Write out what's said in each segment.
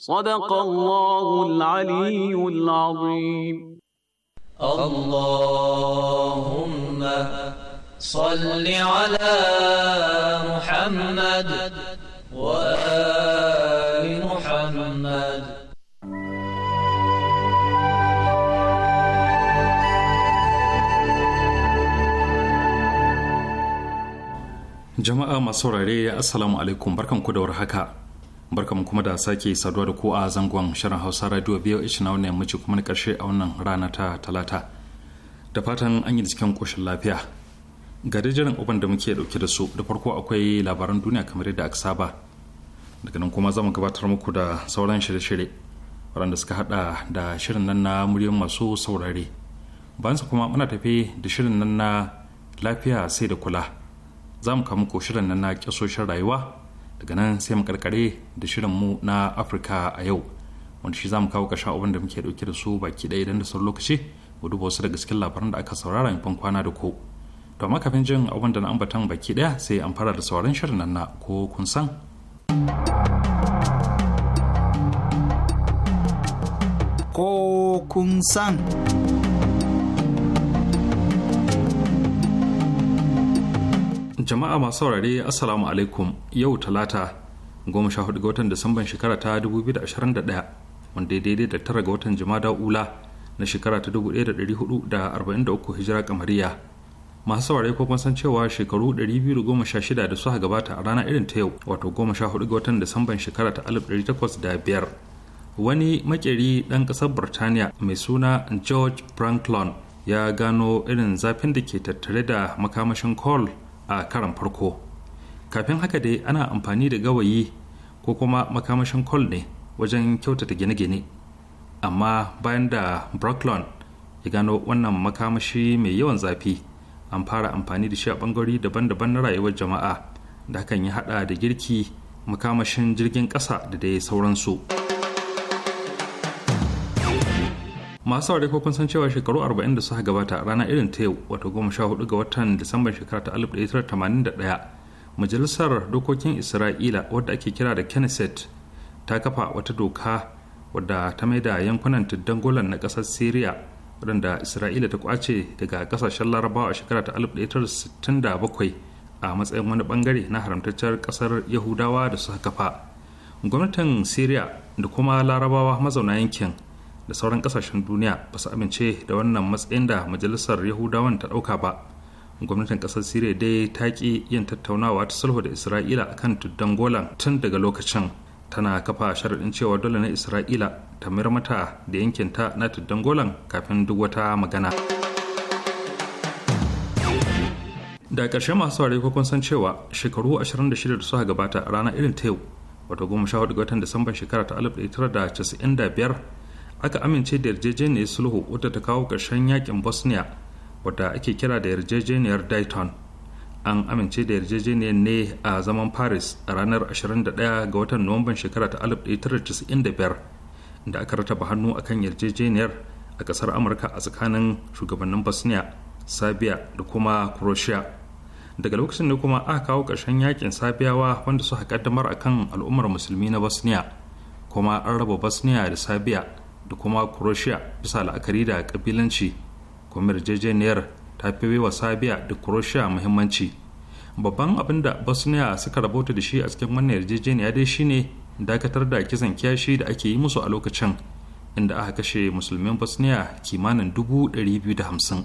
صدق الله العلي العظيم اللهم صل على محمد وآل محمد jama'a masu saurare assalamu alaikum barkanku da warhaka barkamu kuma da sake saduwa da ku a zangon shirin hausa radio voh na wannan yammaci kuma na karshe a wannan rana ta talata da fatan an yi cikin koshin lafiya ga jiran uban da muke ɗauke da su da farko akwai labaran duniya kamar yadda aka saba daga nan kuma zamu gabatar muku da sauran shirye-shirye waɗanda suka hada da shirin nan na muryar masu saurare bayan su kuma muna tafi da shirin nan na lafiya sai da kula za mu kawo muku shirin nan na kyasoshin rayuwa daga nan sai mu karkare da shirin mu na afirka a yau wanda shi za mu kawo kasha abin da muke ɗauke da su baki ɗaya idan da sauran lokaci mu duba wasu daga cikin labaran da aka saurara fan kwana da ko to amma kafin jin abin da na ambatan baki ɗaya sai an fara da sauran shirin nan na ko kun san ko kun san jama'a masu saurare assalamu alaikum yau talata goma sha hudu ga watan disamban shekara ta 2021 wanda ya daidai da tara ga watan jama'a ula na shekara ta 1443 hijira kamariya masu saurare ko san cewa shekaru 216 da suka gabata a rana irin ta yau wato goma sha hudu ga watan disamban shekara ta 1805 wani makeri ɗan ƙasar burtaniya mai suna george franklin ya gano irin zafin da ke tattare da makamashin coal a karan farko kafin haka dai ana amfani da gawayi ko kuma makamashin kol ne wajen kyautata gine-gine amma bayan da brooklyn ya gano wannan makamashi mai yawan zafi an fara amfani da shi a bangarori daban-daban na rayuwar jama'a da hakan ya hada da girki makamashin jirgin ƙasa da dai sauransu. masu saurari ko kun san cewa shekaru 40 da suka gabata rana irin ta yau wato 14 ga watan disamban shekara ta 1981 majalisar dokokin isra'ila wadda ake kira da kenneset ta kafa wata doka wadda ta maida yankunan tuddan golan na kasar syria wadanda isra'ila ta kwace daga kasashen larabawa a shekara ta 1967 a matsayin wani bangare na haramtacciyar kasar yahudawa da suka kafa gwamnatin syria da kuma larabawa mazauna yankin da sauran kasashen duniya ba su amince da wannan matsayin da majalisar yahudawan ta dauka ba gwamnatin kasar siriya dai ta ki yin tattaunawa ta sulhu da isra'ila akan tuddan golan tun daga lokacin tana kafa sharaɗin cewa dole na isra'ila ta mayar mata da yankinta na tuddan golan kafin duk wata magana da ƙarshe masu saurari kun san cewa shekaru 26 da suka gabata a ranar irin ta yau wato 14 ga watan disamban shekara ta 1995 aka amince da yarjejeniyar sulhu wadda ta kawo ƙarshen yakin bosnia wadda ake kira da yarjejeniyar dayton an amince da yarjejeniyar ne a zaman paris a ranar 21 ga watan nuwamban shekara ta 1995 da aka rataba hannu akan yarjejeniyar a ƙasar amurka a tsakanin shugabannin bosnia sabia da kuma croatia daga lokacin ne kuma aka kawo ƙarshen yakin sabiyawa wanda suka kaddamar akan al'ummar musulmi na bosnia kuma an raba bosnia da sabiya. da kuma croatia bisa la'akari da kabilanci kuma yarjejeniyar ta fi wa sabiya da croatia muhimmanci babban abin da bosnia suka rabota da shi a cikin wannan yarjejeniya dai shine dakatar da kisan kiyashi da ake yi musu a lokacin inda aka kashe musulmin bosnia kimanin dubu hamsin.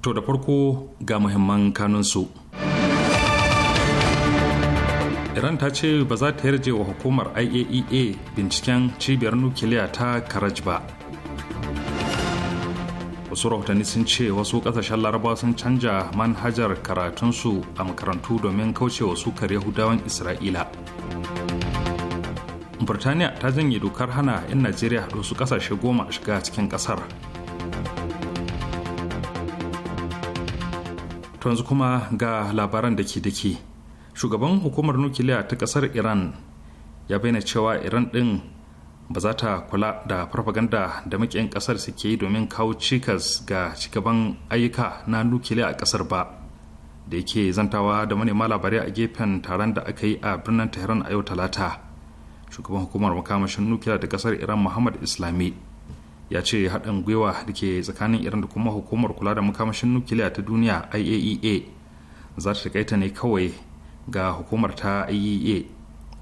To da farko ga muhimman kanunsu. Iran ta ce ba za ta yarje wa hukumar IAEA e binciken cibiyar nukiliya ta Karaj ba. Wasu rahotanni sun ce wasu kasashen laraba sun canja manhajar karatunsu a makarantu domin kauce kaucewa sukar Yahudawan Isra'ila. Burtaniya ta janye dokar hana 'yan Najeriya da wasu kasashe goma shiga cikin kasar. to yanzu kuma ga labaran da ke dake shugaban hukumar nukiliya ta kasar iran ya bayyana cewa iran din ba za ta kula da farfaganda da makiyan kasar suke yi domin kawo cikas ga cigaban ayyuka na nukiliya a kasar ba da yake zantawa da manema labarai a gefen taron da aka yi a birnin tehran a yau talata shugaban hukumar makamashin nukiliya da kasar iran muhammad islami ya ce haɗin gwiwa da ke tsakanin iran da kuma hukumar kula da makamashin nukiliya ta duniya iaea e za ta taƙaita ne kawai ga hukumar ta iaea e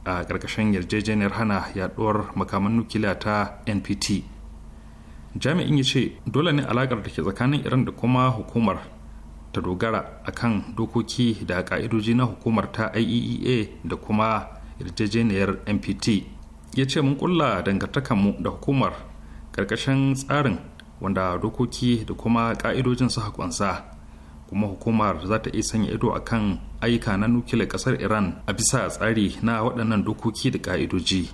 a ƙarƙashin yarjejeniyar hana yaɗuwar makaman nukiliya ta npt jami'in ya ce dole ne alaƙar da ke tsakanin iran da kuma hukumar ta dogara akan dokoki da ƙa'idoji na hukumar ta iaea e da kuma yarjejeniyar npt ya ce mun kulla dangantakanmu da hukumar ƙarƙashin tsarin wanda dokoki da kuma ƙa'idojin su hakunsa kuma hukumar za ta iya sanya ido a kan ayyuka na nukiliyar ƙasar iran a bisa tsari na waɗannan dokoki da ƙa'idoji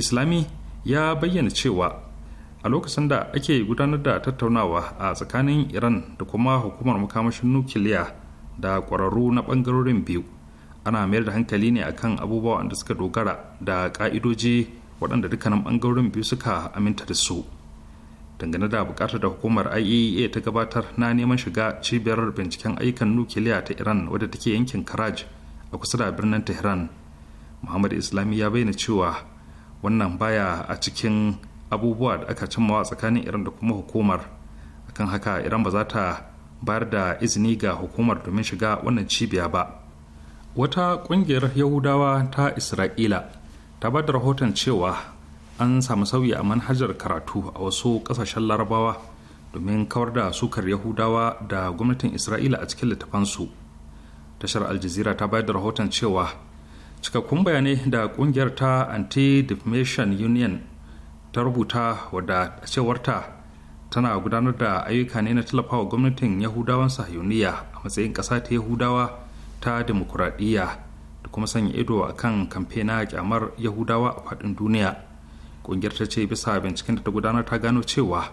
islami ya bayyana cewa a lokacin da ake gudanar da tattaunawa a tsakanin iran da kuma hukumar makamashin nukiliya da ƙwararru na ɓangarorin biyu ana mayar da hankali ne akan abubuwa da suka dogara da ƙa'idoji waɗanda dukkanin ɓangarorin biyu suka aminta da su dangane da bukatar da hukumar iaea ta gabatar na neman shiga cibiyar binciken ayyukan nukiliya ta iran wadda take yankin karaj a kusa da birnin tehran muhammad islami ya bayyana cewa wannan baya a cikin abubuwa da aka cimmawa tsakanin iran da kuma hukumar akan haka iran ba za ta bayar da izini ga hukumar domin shiga wannan cibiya ba wata kungiyar yahudawa ta isra'ila ta ba da rahoton cewa an samu sauyi a manhajar karatu a wasu kasashen larabawa domin kawar da sukar yahudawa da gwamnatin isra'ila a cikin littafansu tashar aljazira ta bayar da rahoton cewa cikakkun bayanai da kungiyar ta anti-defamation union ta rubuta wadda a cewarta tana gudanar da ayyuka ne na tallafawa gwamnatin yahudawan sahiyoniya a matsayin ƙasa ta yahudawa ta demokuraɗiyya da kuma sanya ido a kan kamfe na kyamar yahudawa a faɗin duniya ƙungiyar ta ce bisa binciken da ta gudanar ta gano cewa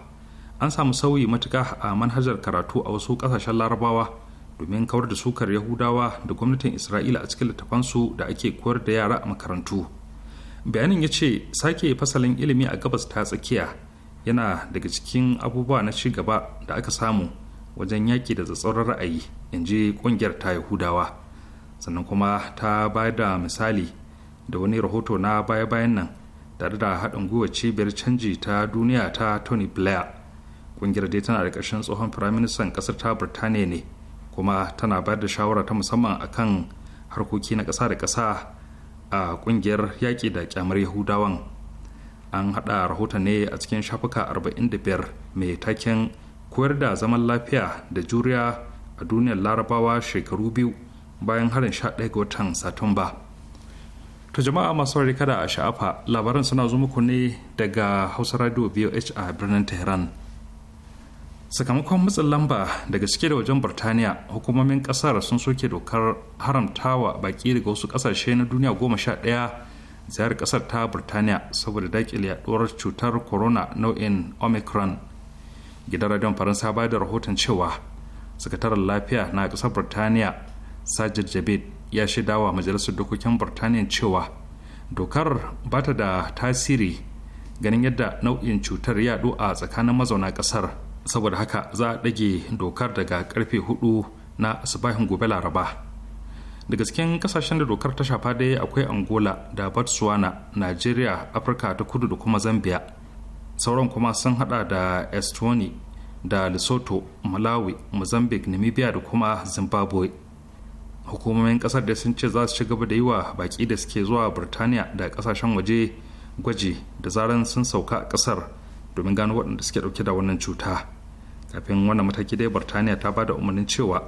an samu sauyi matuka a manhajar karatu a wasu ƙasashen larabawa domin kawar da sukar yahudawa da gwamnatin isra'ila a cikin littafansu da ake koyar da yara a makarantu bayanin ya ce sake fasalin ilimi a gabas ta tsakiya yana daga cikin abubuwa na ci gaba da aka samu wajen yaƙi da tsatsauran ra'ayi in je ƙungiyar ta yahudawa sannan kuma ta bayar da misali da wani rahoto na baya-bayan nan tare da haɗin gwiwa cibiyar canji ta duniya ta tony blair ƙungiyar dai tana da ƙarshen tsohon firaministan ƙasar ta birtaniya ne kuma tana bayar da shawara ta musamman akan harkoki na ƙasa da ƙasa a ƙungiyar yaƙi da ƙyamar yahudawan an haɗa rahoton ne a cikin shafuka 45 mai taken koyar da zaman lafiya da juriya a duniyar larabawa shekaru biyu bayan harin 11 ga watan satumba to jama'a masu kada a sha'afa labaran suna zo muku ne daga hausa radio voh a birnin tehran sakamakon matsin lamba daga cike da wajen birtaniya hukumomin kasar sun soke dokar haramtawa baki daga wasu kasashe na duniya goma sha ɗaya ziyarar kasar ta birtaniya saboda dakile yaduwar cutar corona nau'in omicron gidan radiyon faransa ba da rahoton cewa sakataren lafiya na kasar birtaniya. sajid javid ya shaida wa majalisar dokokin burtaniya cewa dokar ba ta da tasiri ganin yadda nau'in cutar ya yaɗo a tsakanin mazauna kasar saboda haka za a ɗage dokar daga karfe hudu na asibahin gobe laraba daga cikin kasashen da dokar ta shafa dai akwai angola da botswana nigeria afirka ta kudu da kuma zambia sauran kuma sun hada da estonia da lesotho malawi mozambique namibia da kuma zimbabwe hukumomin kasar da sun ce za su ci gaba da yi wa baki da suke zuwa birtaniya da kasashen waje gwaji da zaran sun sauka a kasar domin gano waɗanda suke ɗauke da wannan cuta kafin wannan mataki dai birtaniya ta ba da umarnin cewa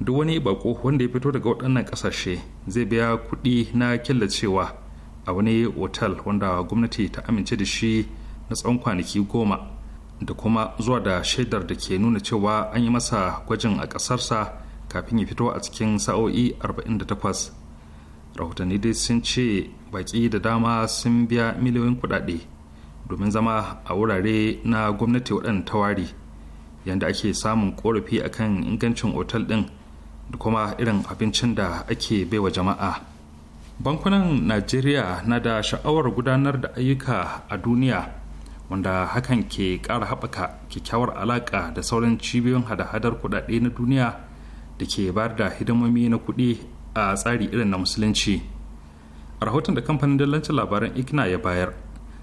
duk wani bako wanda ya fito daga waɗannan kasashe zai biya kuɗi na killacewa a wani otal wanda gwamnati ta amince da shi na tsawon kwanaki goma da kuma zuwa da shaidar da ke nuna cewa an yi masa gwajin a ƙasarsa kafin ya fito a cikin sa'o'i 48 rahotanni dai sun ce baki da dama sun biya miliyoyin kudade domin zama a wurare na gwamnati waɗanda ta wari yadda ake samun korafi kan ingancin otal ɗin da kuma irin abincin da ake baiwa jama'a bankunan najeriya na da sha'awar gudanar da ayyuka a duniya wanda hakan ke ƙara haɓaka kyakkyawar alaƙa da sauran cibiyoyin hada-hadar kuɗaɗe na duniya da ke bayar da hidimomi na kuɗi a tsari irin na musulunci a rahoton da kamfanin dillancin labaran ikna ya bayar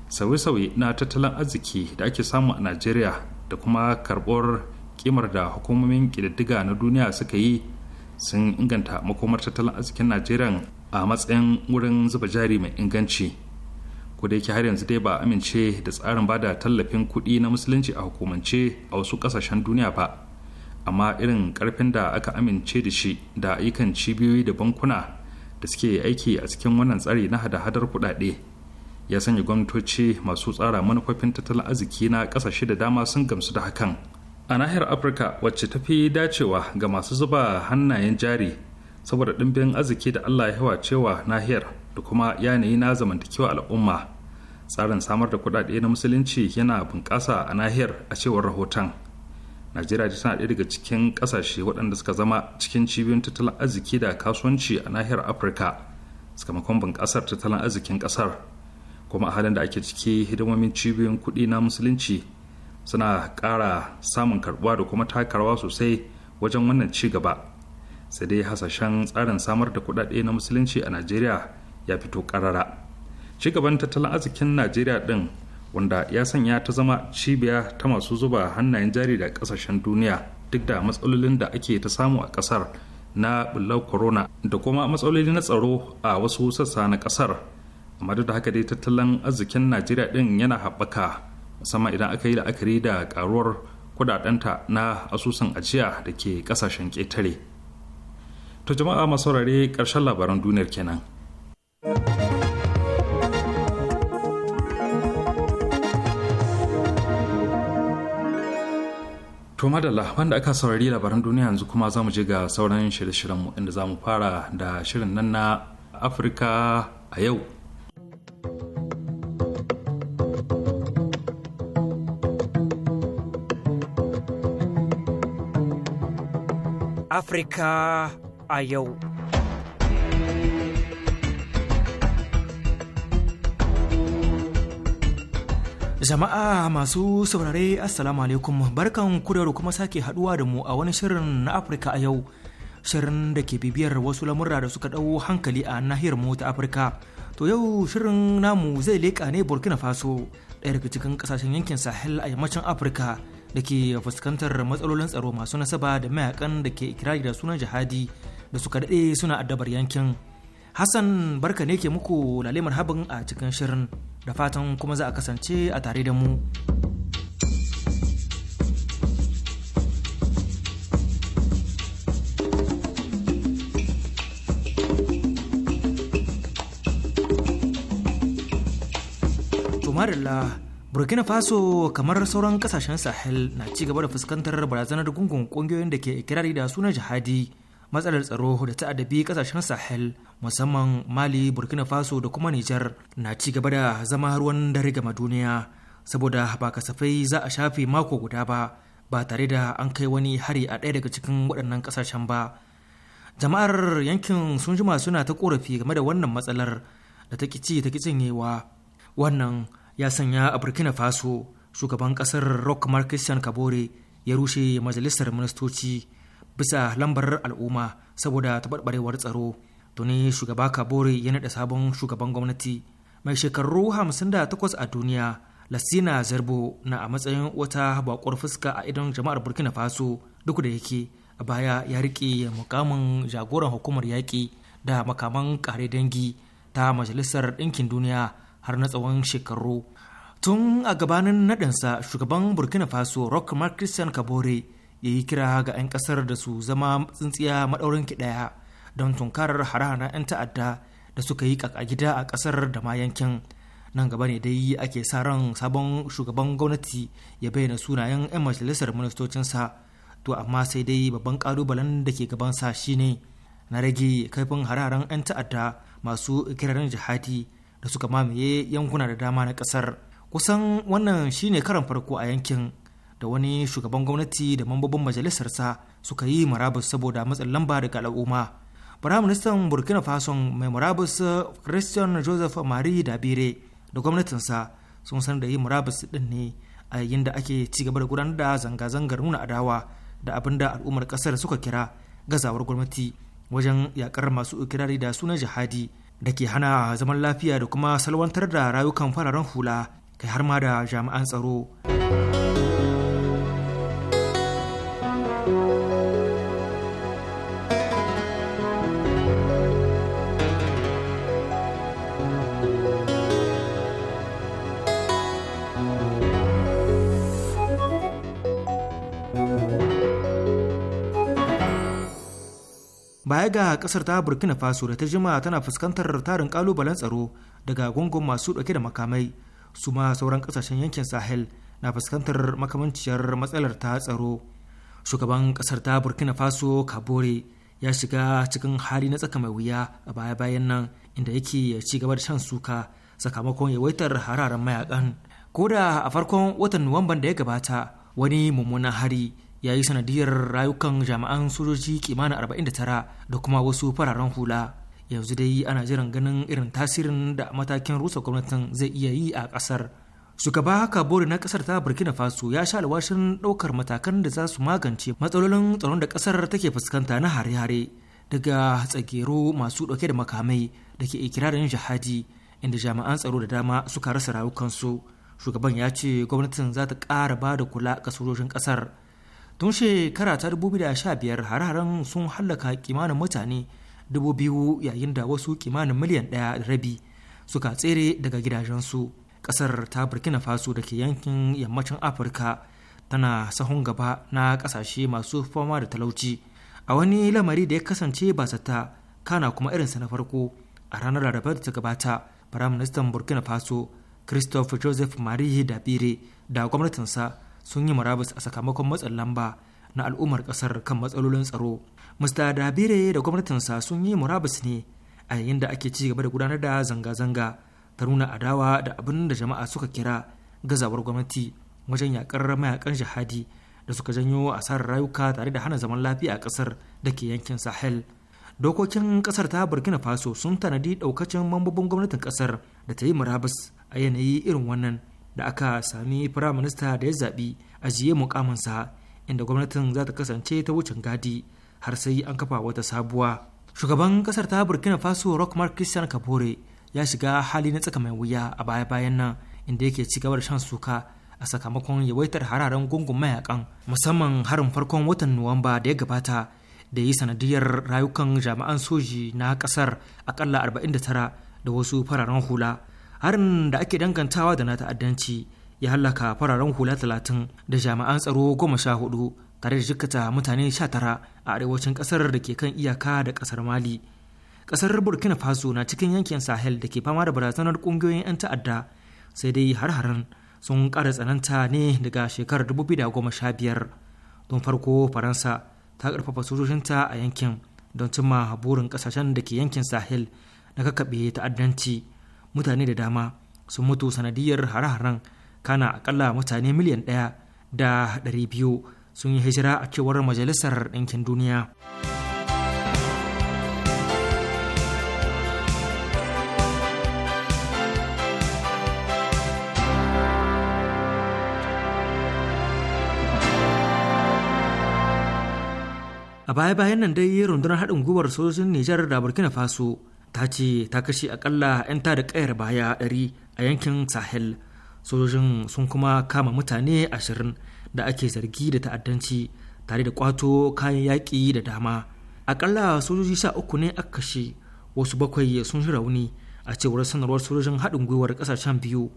sauye-sauye na tattalin arziki da ake samu a najeriya da kuma karɓar kimar da hukumomin ƙididdiga na duniya suka yi sun inganta makomar tattalin arzikin najeriya a matsayin wurin zuba jari mai inganci ko da yake har yanzu dai ba amince da tsarin bada tallafin kuɗi na musulunci a hukumance a wasu ƙasashen duniya ba amma irin karfin da aka amince da shi da ayyukan cibiyoyi da bankuna da suke aiki a cikin wannan tsari na hada-hadar kudade ya sanya gwamnatoci masu tsara manufofin tattalin arziki na kasashe da dama sun gamsu da hakan a nahiyar afirka wacce ta fi dacewa ga masu zuba hannayen jari saboda ɗimbin arziki da allah ya hawa cewa nahiyar da kuma yanayi na zamantakewa al'umma tsarin samar da kudade na musulunci yana bunƙasa a nahiyar a cewar rahoton najeriya ta tana ɗaya daga cikin ƙasashe waɗanda suka zama cikin cibiyoyin tattalin arziki da kasuwanci a nahiyar afirka sakamakon bunƙasar tattalin arzikin ƙasar kuma a halin da ake ciki hidimomin cibiyoyin kuɗi na musulunci suna ƙara samun karɓuwa da kuma takarwa sosai wajen wannan ci gaba sai dai hasashen tsarin samar da kuɗaɗe na musulunci a najeriya ya fito ƙarara ci gaban tattalin arzikin najeriya ɗin wanda ya sanya ta zama cibiya ta masu zuba hannayen jari da kasashen duniya duk da matsalolin da ake ta samu a kasar na bullar corona da kuma matsaloli na tsaro a wasu sassa na kasar amma duk da haka dai tattalin arzikin najeriya din yana haɓaka sama idan aka yi la'akari da karuwar kudadenta na asusun ajiya da ke kasashen ƙetare to jama'a masaurare ƙarshen labaran duniyar kenan To madalla wanda aka saurari labaran duniya yanzu kuma za mu je ga sauran shirye-shiryenmu inda za mu fara da shirin nan na Afirka a yau. Afirka a yau. Jama'a masu saurare Assalamu alaikum barkan kudaru kuma sake haduwa da mu a wani shirin na Afirka a yau. Shirin da ke bibiyar wasu lamurra da suka dau hankali a nahiyar mu ta Afirka. To yau shirin namu zai leka ne Burkina Faso ɗaya daga cikin kasashen yankin Sahel a yammacin Afirka da ke fuskantar matsalolin tsaro masu nasaba da mayakan da ke ikirari da sunan jihadi da suka daɗe suna addabar yankin. Hassan barka ne ke muku lalemar habin a cikin shirin. da fatan kuma za a kasance a tare da mu. Tumarilla Burkina Faso kamar sauran kasashen Sahel na ci gaba da fuskantar barazanar gungun kungiyoyin da ke ikirari da sunan jihadi. matsalar tsaro da ta adabi kasashen sahel musamman mali burkina faso da kuma nijar na ci gaba da zama ruwan dare gama duniya saboda ba kasafai za a shafe mako guda ba ba tare da an kai wani hari a ɗaya daga cikin waɗannan kasashen ba jama'ar yankin sun jima suna ta korafi game da wannan matsalar da ta kici ta kicinyewa wannan ya sanya a burkina faso shugaban ƙasar rock mark kabore ya rushe majalisar ministoci bisa lambar al'umma saboda taɓarɓarewar tsaro tuni shugaba kabore ya naɗa sabon shugaban gwamnati mai shekaru 58 a duniya lassina zarbo na a matsayin wata bakwar fuska a idon jama'ar burkina faso duk da yake a baya ya riƙe mukamin jagoran hukumar yaƙi da makaman kare dangi ta majalisar ɗinkin duniya har na tsawon shekaru tun a gabanin naɗinsa shugaban burkina faso rock mark christian kabore ya yi kira ga 'yan kasar da su zama tsintsiya maɗaurin ki ɗaya don tunkarar harahana 'yan ta'adda da suka yi kaka gida a kasar da ma yankin nan gaba ne dai ake sa ran sabon shugaban gwamnati ya bayyana sunayen 'yan majalisar ministocinsa to amma sai dai babban kalubalen da ke gabansa shine na rage kaifin hararen 'yan ta'adda masu kirarin jihadi da suka mamaye yankuna da dama na kasar kusan wannan shine karan farko a yankin da wani shugaban gwamnati da mambobin majalisarsa suka yi murabus saboda matsin lamba daga al'umma Firaministan Burkina Faso mai murabus Christian Joseph Marie Dabire da gwamnatinsa sun san da yi murabus din ne a yayin da ake ci gaba da gudanar da zanga-zangar nuna adawa da abin da al'ummar ƙasar suka kira gazawar gwamnati wajen yakar masu ikirari da sunan jihadi da ke hana zaman lafiya da kuma salwantar da rayukan fararen hula kai har ma da jami'an tsaro. baya ga kasar ta burkina faso da ta jima tana fuskantar tarin kalubalen tsaro daga gungun masu dauke da makamai su ma sauran kasashen yankin sahel na fuskantar makamanciyar matsalar ta tsaro shugaban kasar ta burkina faso kabore ya shiga cikin hali na tsaka mai wuya a baya-bayan nan inda yake ci gaba da shan suka sakamakon yawaitar hararen mayakan ko da a farkon watan nuwamban da ya gabata wani mummunan hari ya yi sanadiyar rayukan jami'an sojoji kimanin arba'in da tara da kuma wasu fararen hula yanzu dai ana jiran ganin irin tasirin da matakin rusa gwamnatin zai iya yi a kasar shugaba kabori na kasar ta burkina faso ya sha alwashin ɗaukar matakan da za su magance matsalolin tsaron da kasar take fuskanta na hare-hare daga tsagero masu dauke da makamai da ke ikirarin jihadi inda jami'an tsaro da dama suka rasa rayukansu shugaban ya ce gwamnatin za ta kara ba da kula ga sojojin kasar. tun shekara ta 2015 har-haren sun hallaka kimanin mutane 2000 yayin da wasu kimanin miliyan ɗaya rabi suka tsere daga gidajensu ƙasar ta burkina faso da ke yankin yammacin afirka tana sahun gaba na ƙasashe masu fama da talauci a wani lamari da ya kasance ba sata kana kuma irinsa na farko a ranar larabar da ta gabata firaministan burkina faso christophe joseph marie dabire da gwamnatinsa sun yi murabus a sakamakon matsin lamba na al'ummar kasar kan matsalolin tsaro mr dabire da gwamnatinsa sun yi murabus ne a yayin da ake ci gaba da gudanar da zanga-zanga ta nuna adawa da abin da jama'a suka kira gazawar gwamnati wajen yakar mayakan jihadi da suka janyo asarar rayuka tare da hana zaman lafiya a kasar da ke yankin sahel dokokin kasar ta burkina faso sun tanadi daukacin mambobin gwamnatin kasar da ta yi murabus a yanayi irin wannan da aka sami firayim minista da ya zaɓi a jiye mukaminsa inda gwamnatin za ta kasance ta wucin gadi har sai an kafa wata sabuwa shugaban kasar ta burkina faso rockmar christian kabore ya shiga hali na tsaka mai wuya a baya-bayan nan inda yake ci gaba da shan suka a sakamakon yawaitar hararen gungun mayakan musamman harin farkon watan nuwamba da ya gabata da yi sanadiyar rayukan jami'an soji na kasar akalla 49 da wasu fararen hula harin da ake dangantawa da na ta'addanci ya hallaka fararen hula 30 da jami'an tsaro 14 tare da jikkata mutane sha a arewacin kasar da ke kan iyaka da kasar mali kasar burkina faso na cikin yankin sahel da ke fama da barazanar kungiyoyin 'yan ta'adda sai dai har-haren sun ƙara tsananta ne daga shekarar 2015 don farko faransa ta ƙarfafa sojojinta a yankin don cimma burin ƙasashen da ke yankin sahel na kakaɓe ta'addanci mutane da dama sun mutu sanadiyar hare-haren kana akalla mutane miliyan ɗaya da ɗari biyu sun yi hijira a cewar majalisar ɗinkin duniya a baya-bayan nan dai rundunar haɗin gwiwar sojojin nijar da burkina faso ta ce ta kashe akalla 'yan da kayar baya 100 a yankin sahel sojojin sun kuma kama mutane ashirin da ake zargi da ta'addanci tare da kwato kayan yaƙi da dama akalla sojoji sha uku ne aka kashe wasu bakwai sun shi rauni a cewar sanarwar sojojin haɗin gwiwar ƙasashen biyu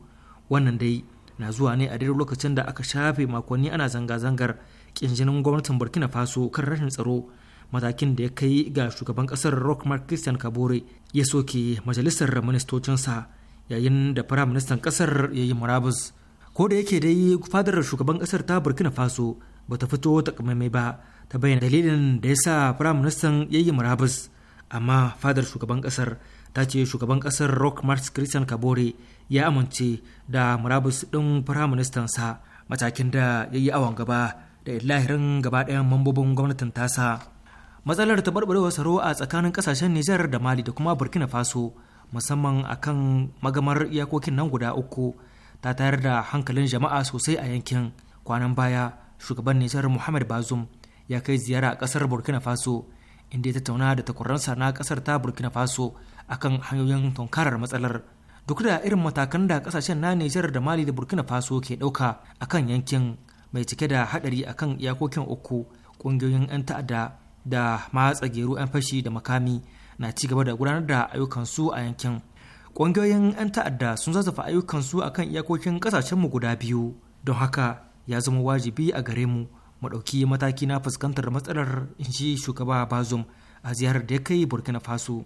wannan dai na zuwa ne a daidai lokacin da aka shafe makonni ana zanga-zangar ƙinjinin gwamnatin burkina faso kan rashin tsaro matakin da ya kai ga shugaban kasar rock mark christian kabore ya soke majalisar ministocinsa yayin da firaministan kasar ya yi murabus ko da yake dai fadar shugaban kasar ta burkina faso ba ta fito takamaimai ba ta bayyana dalilin da ya sa firaministan ya yi murabus amma fadar shugaban kasar ta ce shugaban kasar rock mark christian kabore ya amince da murabus ɗin sa matakin da ya yi awon gaba da illahirin gaba ɗayan mambobin gwamnatin tasa matsalar taɓarɓarewar tsaro a tsakanin ƙasashen nijar da mali da kuma burkina faso musamman akan magamar iyakokin nan guda uku ta tayar da hankalin jama'a sosai a yankin kwanan baya shugaban nijar muhammad bazum ya kai ziyara a ƙasar burkina faso inda ya tattauna da takwarransa na kasar ta burkina faso akan hanyoyin tunkarar matsalar duk da irin matakan da kasashen na Nijar da Mali da Burkina Faso ke ɗauka akan yankin mai cike da haɗari akan iyakokin uku ƙungiyoyin 'yan ta'adda da matsa gero 'yan fashi da makami na ci gaba da gudanar da ayyukansu a yankin ƙungiyoyin 'yan ta'adda sun zazzafa ayyukansu a kan iyakokin ƙasashenmu guda biyu don haka ya zama wajibi a gare mu mu ɗauki mataki na fuskantar matsalar inji shugaba bazum a ziyarar da ya kai burkina faso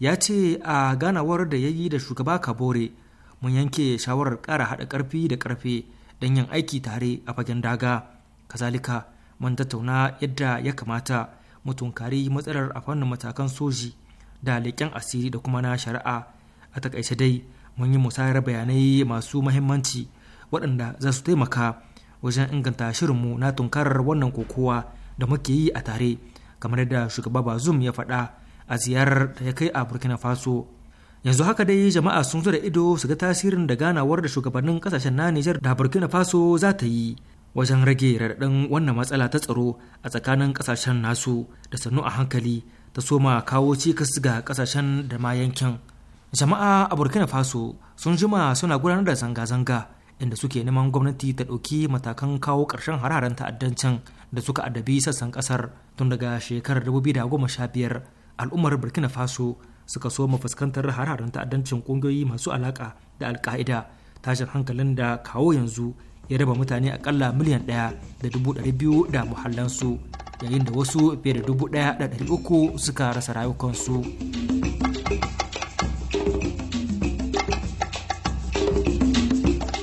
ya ce a ganawar da ya yi da shugaba kabore mun yanke shawarar ƙara haɗa ƙarfi da ƙarfe don yin aiki tare a fagen daga kazalika mun tattauna yadda ya kamata mutunkari matsalar a fannin matakan soji da leƙen asiri da kuma na shari'a a takaice dai mun yi musayar bayanai masu mahimmanci waɗanda za su taimaka wajen inganta shirinmu na tunkarar wannan kokowa da muke yi a tare kamar yadda shugaba bazum ya faɗa a ziyarar da ya kai a burkina faso yanzu haka dai jama'a sun zo da ido su ga tasirin da ganawar da shugabannin kasashen na nijar da burkina faso za ta yi wajen rage raɗaɗin wannan matsala ta tsaro a tsakanin ƙasashen nasu da sannu a hankali ta soma kawo cikas ga kasashen da ma yankin jama'a a burkina faso sun jima suna gudanar da zanga-zanga inda suke neman gwamnati ta ɗauki matakan kawo ƙarshen hararen ta'addancin da suka adabi sassan ƙasar tun daga shekarar 2015 al'ummar burkina faso suka so soma fuskantar hararen ta'addancin ƙungiyoyi masu alaƙa da alka'ida tashin hankalin da kawo yanzu ya raba mutane akalla miliyan ɗaya da dubu ɗari biyu da muhallansu yayin da wasu fiye da dubu ɗaya da ɗari uku suka rasa rayukansu.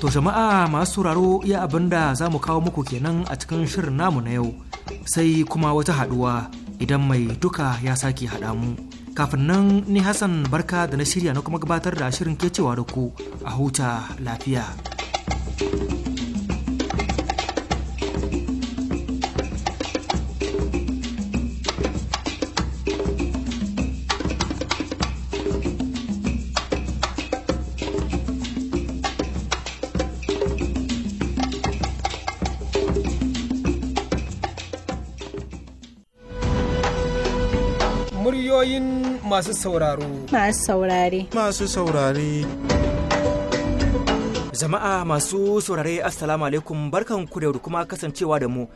To jama'a masu sauraro iya abin da za mu kawo muku kenan a cikin shirin namu na yau sai kuma wata haɗuwa idan mai duka ya sake haɗa mu. Kafin nan ni Hassan barka da na shirya na kuma gabatar da shirin ke cewa da ku a huta lafiya. thank you masu sauraro. Masu saurare. Masu saurare. Jama'a masu saurare Assalamu alaikum barkan ku da kuma kasancewa da mu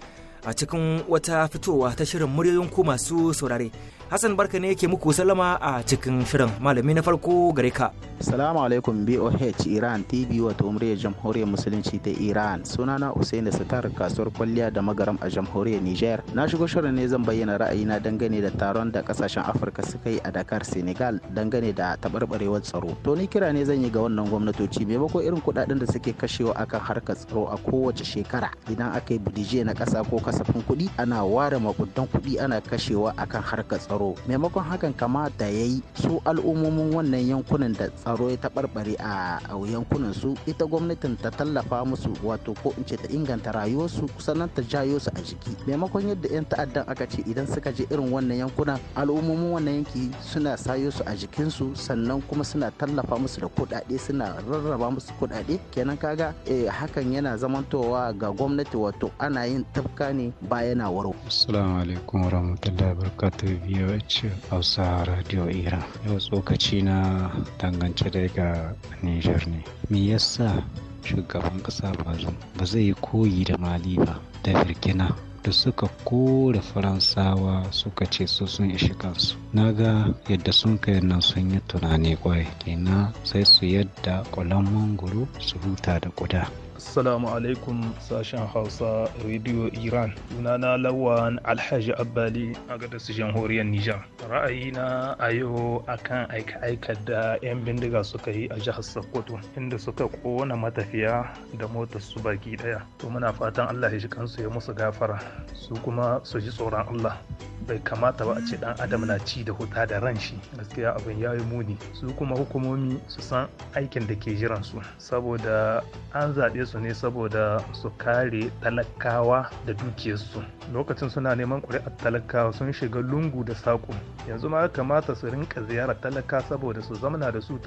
a cikin wata fitowa ta shirin muryoyin ku masu saurare. Hassan barka ne yake muku salama a cikin shirin malami na farko gare ka. Salamu alaikum BOH Iran TV wato umriyar jamhuriyar musulunci ta Iran sunana Usaini Sitar kasuwar kwalliya da magaram a jamhuriyar Niger. Na shigo shirin ne zan bayyana ra'ayina dangane da taron da kasashen Afirka suka yi a Dakar Senegal dangane da taɓarɓarewar tsaro. To ni kira ne zan yi ga wannan gwamnatoci maimakon irin kuɗaɗen da suke kashewa akan harkar tsaro a kowace shekara idan aka yi na ƙasa ko kasafin kuɗi ana ware makuddan kuɗi ana kashewa akan harkar tsaro tsaro maimakon hakan kamata ya yi su al'ummomin wannan yankunan da tsaro ya taɓarɓare a yankunan su ita gwamnatin ta tallafa musu wato ko in ce ta inganta rayuwarsu sannan ta jayo su a jiki maimakon yadda 'yan ta'addan aka ce idan suka je irin wannan yankuna al'ummomin wannan yanki suna sayo su a jikinsu sannan kuma suna tallafa musu da kuɗaɗe suna rarraba musu kuɗaɗe kenan kaga eh, hakan yana zamantowa ga gwamnati wato ana yin tafka ne ba yana waro. Assalamu alaikum warahmatullahi wabarakatuh BOH Hausa Radio Iran. Yau tsokaci na dangance daga Nijar ne. Me yasa shugaban ƙasa bazu ba zai yi koyi da Mali ba da Burkina da suka kore faransawa suka ce su sun ishi kansu na ga yadda sun kai nan sun yi tunani kwai, kenan sai su yadda ƙulan mangoro su huta da ƙuda assalamu alaikum sashen hausa radio iran sunana lawan alhaji abbali a sashen horiyar nijar ra'ayina a yau akan aika-aikar da 'yan bindiga suka yi a jihar sokoto inda suka kona matafiya da motar su baki daya to muna fatan allah ya ji kansu ya musu gafara su kuma su ji tsoron allah bai kamata ba a ce dan adam na ci da huta da ran shi gaskiya abin ya yi muni su kuma hukumomi su san aikin da ke jiran su saboda an zaɓe su su ne saboda su kare talakawa da dukiyarsu lokacin suna neman ƙuri'ar talakawa sun shiga lungu da saƙo yanzu ma kamata su rinka ziyarar talaka saboda su zamana da su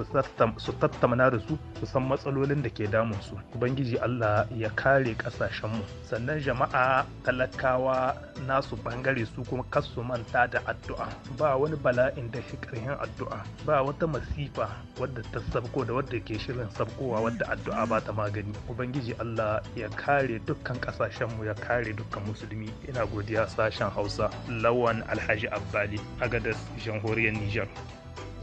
su tattamana da su su san matsalolin da ke damun su ubangiji allah ya kare mu. sannan jama'a talakawa nasu bangare su kuma kasu manta da addu'a ba wani bala'in da shi ƙarhin addu'a ba wata masifa wadda ta sabko da wadda ke shirin sabkowa wadda addu'a ba ta magani ubangiji allah ya kare dukkan kasashenmu ya kare dukkan musulmi ina godiya sashen hausa lawan alhaji abbali agadas jamhuriyar niger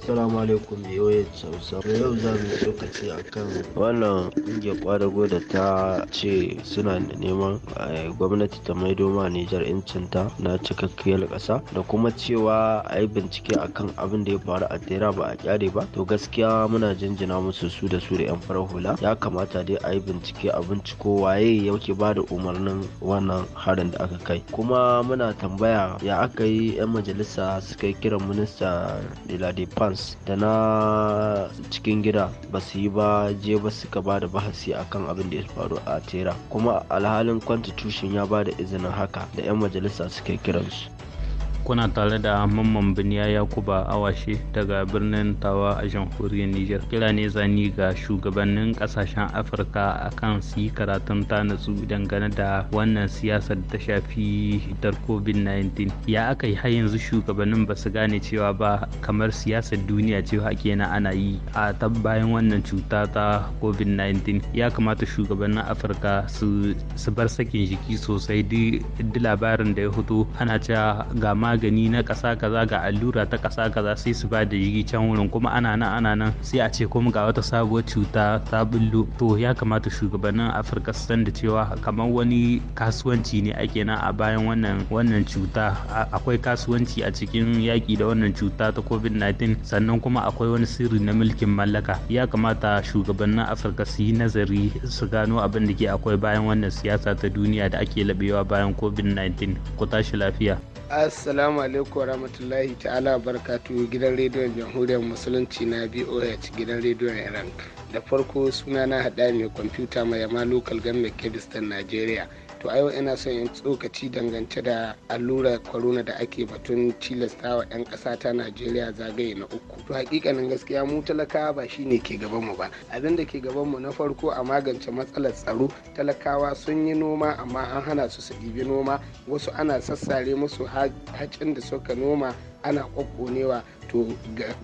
Assalamu alaikum yoyin da Yau za mu tsokaci a kan wannan ƙungiyar ƙwadago da ta ce suna neman eh, gwamnati ta maido ma Nijar incinta na cikakkiyar ƙasa da kuma cewa a yi bincike a kan abin da ya faru a tera ba a kyare ba. To gaskiya muna jinjina musu su da su da 'yan farar hula. Ya kamata dai a yi bincike a binciko waye yake ba da umarnin wannan harin da aka kai. Kuma muna tambaya ya aka yi 'yan majalisa suka yi kiran minista Dilade conference da na cikin gida ba su yi ba je ba suka ba da bahasi akan abin da ya faru a tera kuma alhalin constitution ya ba da izinin haka da 'yan majalisa suke kiransu kuna tare da mamman biniya yakuba awashe daga birnin tawa a jamhuriyar niger kira ne zani ga shugabannin kasashen afirka akan su yi karatun ta natsu dangane da wannan siyasar ta shafi dar covid-19 ya aka yi har yanzu shugabannin ba su gane cewa ba kamar siyasar duniya ce kenan ana yi a bayan wannan cuta ta covid-19 ya kamata shugabannin afirka su bar sakin jiki sosai duk labarin da ya fito ana cewa ga magani na ƙasa kaza ga allura ta ƙasa kaza sai su ba da jigi can wurin kuma ana nan ana nan sai a ce kuma ga wata sabuwar cuta ta bullo to ya kamata shugabannin afirka su san da cewa kamar wani kasuwanci ne ake nan a bayan wannan wannan cuta akwai kasuwanci a cikin yaƙi da wannan cuta ta covid-19 sannan kuma akwai wani sirri na mulkin mallaka ya kamata shugabannin afirka su yi nazari su gano abin da ke akwai bayan wannan siyasa ta duniya da ake labewa bayan covid-19 ku tashi lafiya Assalamu alaikum warahmatullahi ta'ala barkatu gidan rediyon jamhuriyar musulunci na BOH gidan rediyon Iran. Da farko suna na haɗa mai kwamfuta mai yama local mai Kebistan Najeriya. to a yau ina son yin tsokaci dangance da allurar corona da ake batun tilasta wa 'yan ƙasa ta najeriya zagaye na uku to hakikanin gaskiya mu talakawa ba shine ke gaban mu ba abin da ke mu na farko a magance matsalar tsaro talakawa sun yi noma amma an hana su su ɗibi noma wasu ana sassare musu hacin da suka noma ana wa to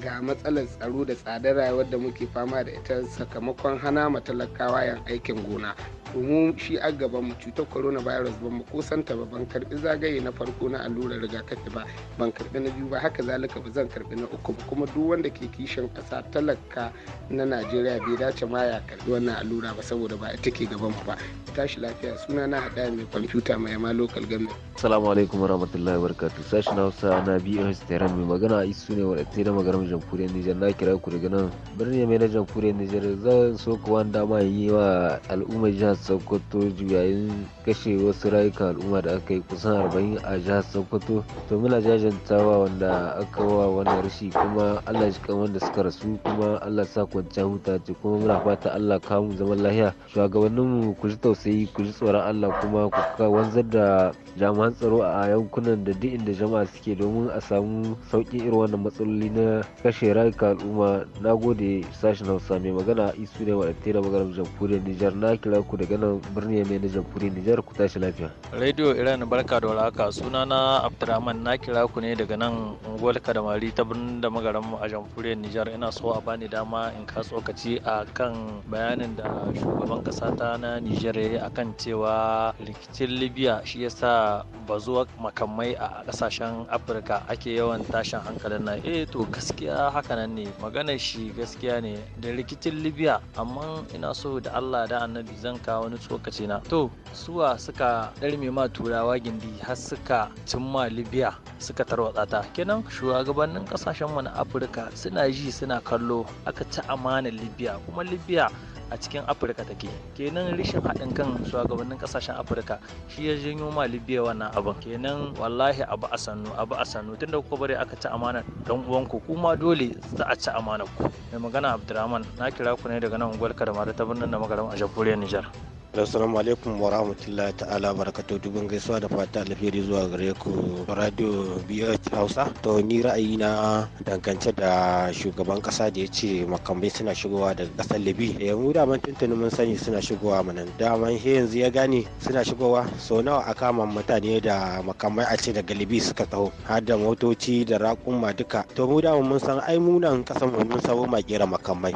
ga matsalar tsaro da tsadar rayuwar da muke fama da ita sakamakon hana ma talakawa yan aikin gona mu shi a gaban mu cutar coronavirus ban mu kusanta ba ban karbi zagaye na farko na allurar rigakafi ba ban karbi na biyu ba haka zalika ba zan karbi na uku ba kuma duk wanda ke kishin kasa talaka na najeriya bai dace ma ya karbi wannan allura ba saboda ba ita ke gaban mu ba tashi lafiya suna na hada mai kwamfuta mai ma local government assalamu alaikum warahmatullahi wabarakatuh hausa na bhd Tehran mai magana isu ne wadatai da magaram jamhuriyar Nijar na kira ku daga nan birnin mai na jamhuriyar Nijar zan so ku dama yi wa al'ummar jihar Sokoto yayin kashe wasu rayuka al'umma da aka yi kusan arba'in a jihar Sokoto to muna jajantawa wanda aka wa wannan rashi kuma Allah shi kan wanda suka rasu kuma Allah sa kwanciya huta ce kuma muna fata Allah kamu zaman lahiya shugabanninmu ku ji tausayi ku ji tsoron Allah kuma ku wanzar da jami'an tsaro a yankunan da duk inda jama'a suke domin a samu sauƙi irin wannan matsaloli na kashe rayuka al'umma na gode sashen hausa mai magana isu ne wadatai da maganar jamhuriyar nijar na kira ku daga nan birni mai na jamhuriyar nijar ku tashi lafiya. radio iran barka da warhaka suna na abdurrahman na kira ku ne daga nan unguwar kadamari ta birnin da mu a jamhuriyar nijar ina so a bani dama in ka tsokaci a kan bayanin da shugaban kasa ta na nijar ya yi kan cewa rikicin libya shi yasa bazuwa makamai a kasashen afirka ake yawan tashin hankalin na, eh to gaskiya hakanan ne maganar shi gaskiya ne da rikicin libya amma ina so da allah da annabi zan kawo wani tsokaci na to suwa suka ɗarme ma turawa gindi har suka cimma libya suka tarwatsa ta kenan shugabannin kasashen mu na afirka suna ji suna kallo aka ci amanar libya kuma libya a cikin afirka take kenan rishin haɗin kan shugabannin ƙasashen afirka shi ya janyo ma libya wannan abin kenan wallahi abu a sannu abu a sannu tunda kuka bari aka ci amana dan uwanku kuma dole za a ci amana ku mai magana Abdulrahman, na kira ku ne daga nan unguwar mara ta birnin da magaram a jamhuriyar nijar Assalamu alaikum wa rahmatullahi ta'ala barakatu dubin gaisuwa da fata alheri zuwa gare ku radio BH Hausa. To ni ra'ayi na dangance da shugaban kasa da ya ce makamai suna shigowa daga kasar Libi. Da eh, mu daman tuntuni mun sani suna shigowa manan daman he yanzu ya gane suna shigowa sau nawa a man mutane da makamai a ce daga Libi suka taho har da motoci da raƙuma duka. To mu daman mun san ai munan mu mun sabo makera makamai.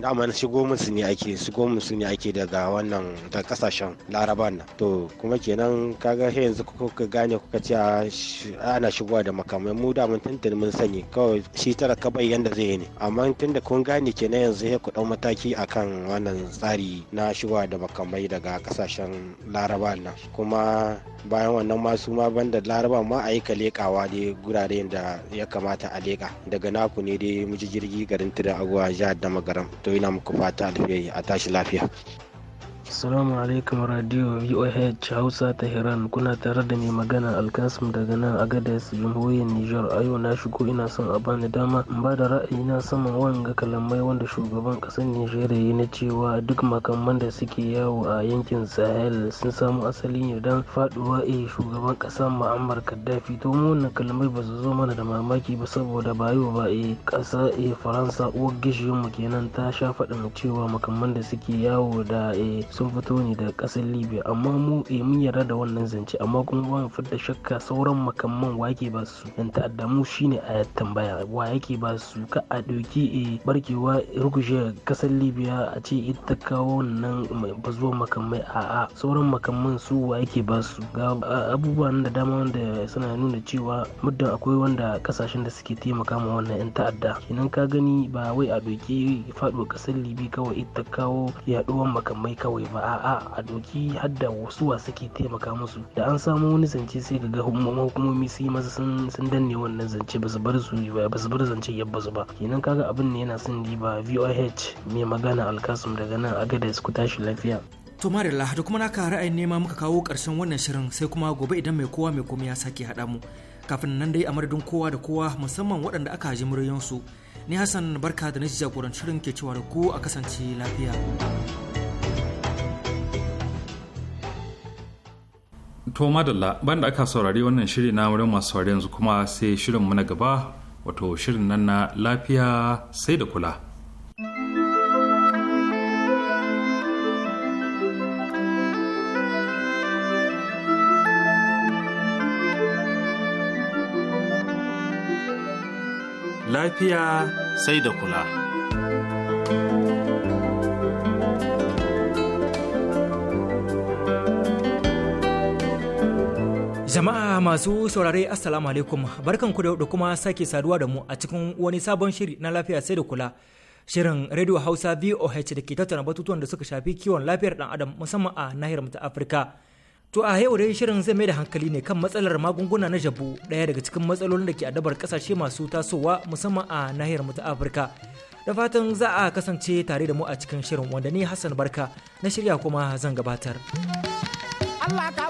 dama na shigo musu ne ake shigo musu ne ake daga wannan da kasashen laraban nan to kuma kenan kaga sai yanzu kuka gane kuka ce ah, ana shigowa da makamai mu da mun tuntuni mun sani kawai shi tara ka bayyana da zai yi ne amma tun da kun gane kenan yanzu sai ku dau mataki akan wannan tsari na shigowa da makamai daga kasashen laraban nan kuma bayan wannan ma su ma banda laraba ma a yi ka leƙawa dai guraren da ya kamata a leka daga naku ne dai muji jirgi garin tudun agwa jihar da magaram to ina muku fata alheri a tashi lafiya Assalamu alaikum radio VOH Hausa Tehran kuna tare da mai magana Alkasim daga nan a Agadez jamhuriyar Nijar a yau na shigo ina son a bani dama in ba da ra'ayi na saman wanga kalamai wanda shugaban kasar Nijar ya na cewa duk makamman da suke yawo a yankin Sahel sun samu asalin ne don faduwa a eh, shugaban kasa Muammar Gaddafi to mu wannan kalamai ba su zo mana da mamaki ba saboda ba yau ba eh kasa eh Faransa uwar gishiyun mu kenan ta sha faɗin cewa makamman da suke yawo da eh sun fito ne daga ƙasar libya amma mu eh, mun yarda da wannan zance amma kuma ba mu fidda shakka sauran makamman wa yake ba su dan ta'adda mu shine a tambaya wa yake ba su ka a ɗauki e barkewa rukushe kasar libya a ce ita kawo wannan zuwa makamai a'a sauran makamman su wa yake ba su ga abubuwan da dama wanda suna nuna cewa muddin akwai wanda kasashen da suke taimaka ma wannan yan ta'adda idan ka gani ba wai a doki faɗuwa kasar libya kawai ita kawo yaɗuwar makamai kawai ba a a doki hadda wasu suke taimaka musu da an samu wani zance sai ga hukumomi su yi masa sun danne wannan zance ba su bar su ba ba su bar zance yabba su ba kenan kaga abin ne yana son ba voh mai magana alkasum daga nan su ku tashi lafiya To Marilla da kuma naka ra'ayin nema muka kawo karshen wannan shirin sai kuma gobe idan mai kowa mai komai ya sake hada mu. Kafin nan dai a madadin kowa da kowa musamman waɗanda aka ji muryoyinsu. Ni Hassan barka da na jagorancin shirin ke cewa da ku a kasance lafiya. to madalla banda aka saurari wannan shiri na wurin masu saurari yanzu kuma sai shirin mu na gaba wato shirin nan na lafiya sai da kula lafiya sai da kula Jama'a masu saurare Assalamu alaikum barkanku da kuma sake saduwa da mu a cikin wani sabon shiri na lafiya sai da kula. Shirin Radio Hausa VOH da ke tattara batutuwan da suka shafi kiwon lafiyar dan adam musamman a nahiyar ta Afirka. To a yau dai shirin zai mai da hankali ne kan matsalar magunguna na jabu ɗaya daga cikin matsalolin da ke adabar kasashe masu tasowa musamman a nahiyar ta Afirka. Da fatan za a kasance tare da mu a cikin shirin wanda ni Hassan Barka na shirya kuma zan gabatar. Allah ka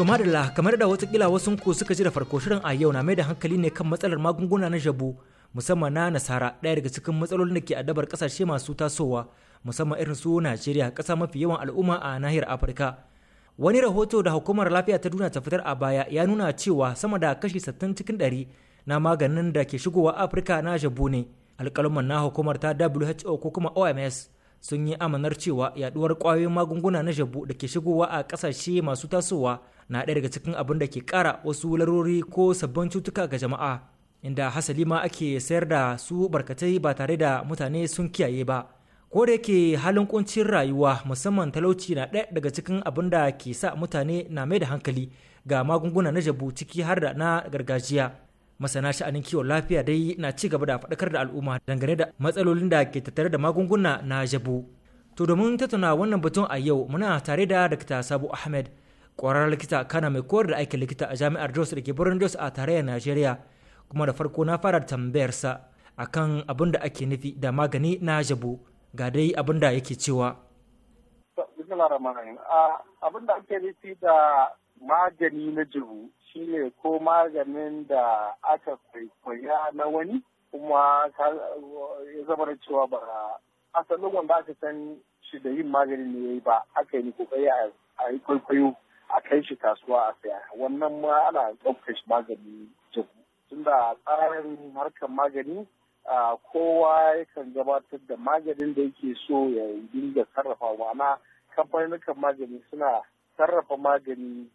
To madalla kamar da watakila wasu ku suka ji da farko shirin a yau na mai da hankali ne kan matsalar magunguna na jabu musamman na nasara ɗaya daga cikin matsalolin da ke adabar kasashe masu tasowa musamman irin su Najeriya ƙasa mafi yawan al'umma a nahiyar Afirka. Wani rahoto da hukumar lafiya ta duniya ta fitar a baya ya nuna cewa sama da kashi 60 cikin ɗari na maganin da ke shigowa Afirka na jabu ne. Alƙaluman na hukumar ta WHO ko kuma OMS sun yi amanar cewa yaduwar kwayoyin magunguna na jabu da ke shigowa a ƙasashe masu tasowa na ɗaya daga cikin abin da ke ƙara wasu larori ko sabbin cutuka ga jama'a inda hasali ma ake sayar da su barkatai ba tare da mutane sun kiyaye ba ko da yake halin kuncin rayuwa musamman talauci na ɗaya daga cikin abin da ke sa mutane na mai da hankali ga magunguna na jabu ciki har da na gargajiya masana sha'anin kiwon lafiya dai na ci gaba da faɗakar da al'umma dangane da matsalolin da ke tattare da magunguna na jabu to domin tattauna wannan batun a yau muna tare da dr sabu ahmed ƙwararren likita kana mai koyar da aikin likita a jami'ar jos da ke birnin jos a tarayyar najeriya kuma da farko na fara tambayarsa akan abin da ake nufi da magani na jabo ga dai abin da yake cewa abin da ake nufi da magani na jabo shine ko maganin da aka kwaikwaya na wani kuma ya zama da cewa ba asalin wanda aka san shi da yin magani ne ba aka yi kokari a yi kwaikwayo a kai shi kasuwa a saya wannan ma ana ɗaukar shi magani jiku tunda tsarin harkar magani kowa yakan gabatar da maganin da yake so ya dinga sarrafa ma'ana kamfanin magani suna sarrafa magani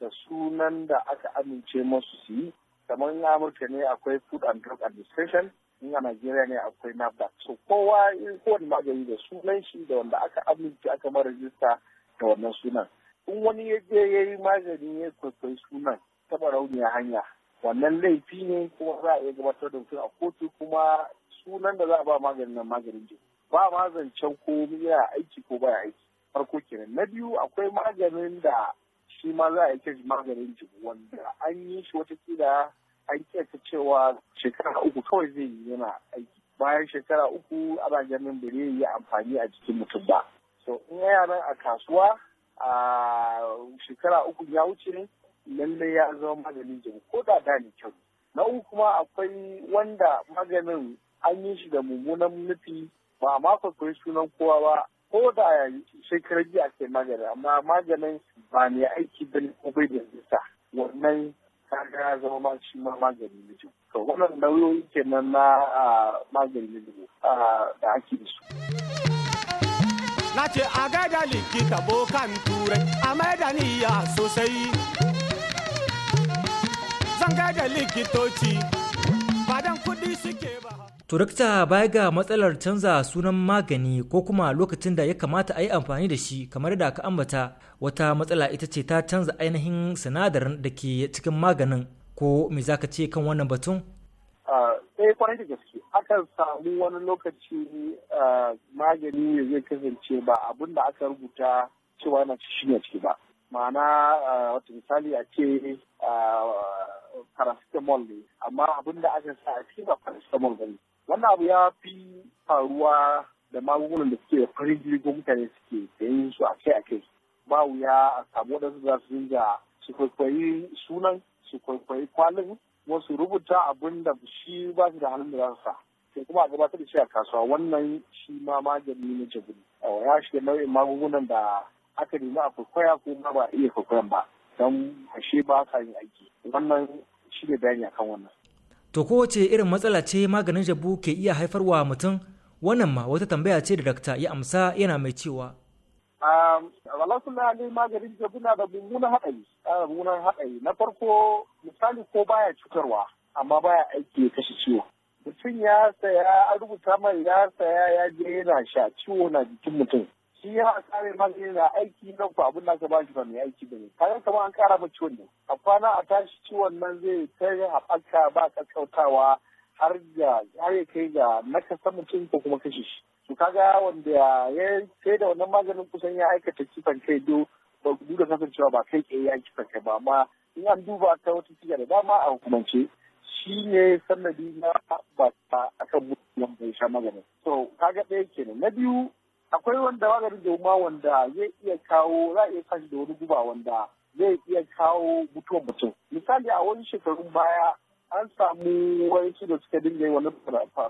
da sunan da aka amince masu su yi kamar amurka ne akwai food and drug administration in a nigeria ne akwai nafda so kowa kowane magani da sunan shi da wanda aka amince aka mara rajista da wannan sunan in wani ya je ya yi magani ya kwaikwayi sunan taɓa rauniyar hanya wannan laifi ne kuma za a iya gabatar da mutum a kotu kuma sunan da za a ba maganin nan maganin jini ba ma zancen ko yana aiki ko ba aiki farko kenan na biyu akwai maganin da shi ma za a yi maganin jini wanda an yi shi watakila an kyanta cewa shekara uku kawai zai yi yana aiki bayan shekara uku ana ganin ba yi amfani a jikin mutum ba so in yaran a kasuwa a shekara uku ya wuce ne lallai ya zama maganin jin ko da da ne kyau na uku kuma akwai wanda maganin an yi shi da mummunan nufi ba ma kwakwai sunan kowa ba ko da shekarar jiya ke magani amma maganin ba ne aiki bin ubai da zisa wannan kaga ya zama ma shi ma magani na jin to wannan nauyoyi kenan na magani na da ake da su. na ce a gaida likita bokan turai a maida niyya sosai zan gaida likitoci badan kudi suke ba turakta baya ga matsalar canza sunan magani ko kuma lokacin da ya kamata a yi amfani da shi kamar da aka ambata wata matsala ita ce ta canza ainihin sinadarin da ke cikin maganin ko me zaka ce kan wannan batun sai kwarai da gaske akan samu wani lokaci magani ya zai kasance ba abin da aka rubuta cewa na shi ciki ba ma'ana wata misali a ce paracetamol ne amma abin da aka sa a ciki ba paracetamol ba ne wannan abu ya fi faruwa da magungunan da suke farin farin jirgin mutane suke sayan su a kai a kai ba wuya a samu waɗansu za su dinga su kwaikwayi sunan su kwaikwayi kwalin Wasu rubuta abin da shi ba shi da hannun da za sai kuma a gabatar da shi a kasuwa wannan shi ma magani na jabiri ya shiga nau'in magungunan da aka nemi a kwaikwaya ko ma ba iya kwaikwayon ba don shi ba sa yin aiki wannan shi ne bayani akan wannan. to kowace irin matsala ce maganin jabu ke iya haifarwa mutum wannan ma wata tambaya ce da dakta ya amsa yana mai cewa Wala suna ne maganin jabu na da mummunan haɗari. Mummunan haɗari. Na farko misali ko baya cutarwa amma baya aiki ya kashe ciwo. Mutum ya saya an rubuta mai ya saya ya je yana sha ciwo na jikin mutum. shi ya kare magani na aiki na ku abin da aka ba shi ba mai aiki ba ne kaga kama an kara ma ciwon ne a kwana a tashi ciwon nan zai kai haɓaka ba kakkautawa har ya har ya kai ga kasa mutum ko kuma kashe shi to kaga wanda ya sai da wannan maganin kusan ya aikata kifan kai do ba ku da kasancewa ba kai kai ya kifan kai ba amma in an duba ta wata ciga da dama a hukumance shi ne sanadi na ba ta akan mutum bai sha maganin so kaga ɗaya kenan na biyu akwai wanda maganin da wanda zai iya kawo za a iya sashi da wani guba wanda zai iya kawo mutuwar mutum misali a wani shekarun baya an samu wayanci da suka dinga yi wani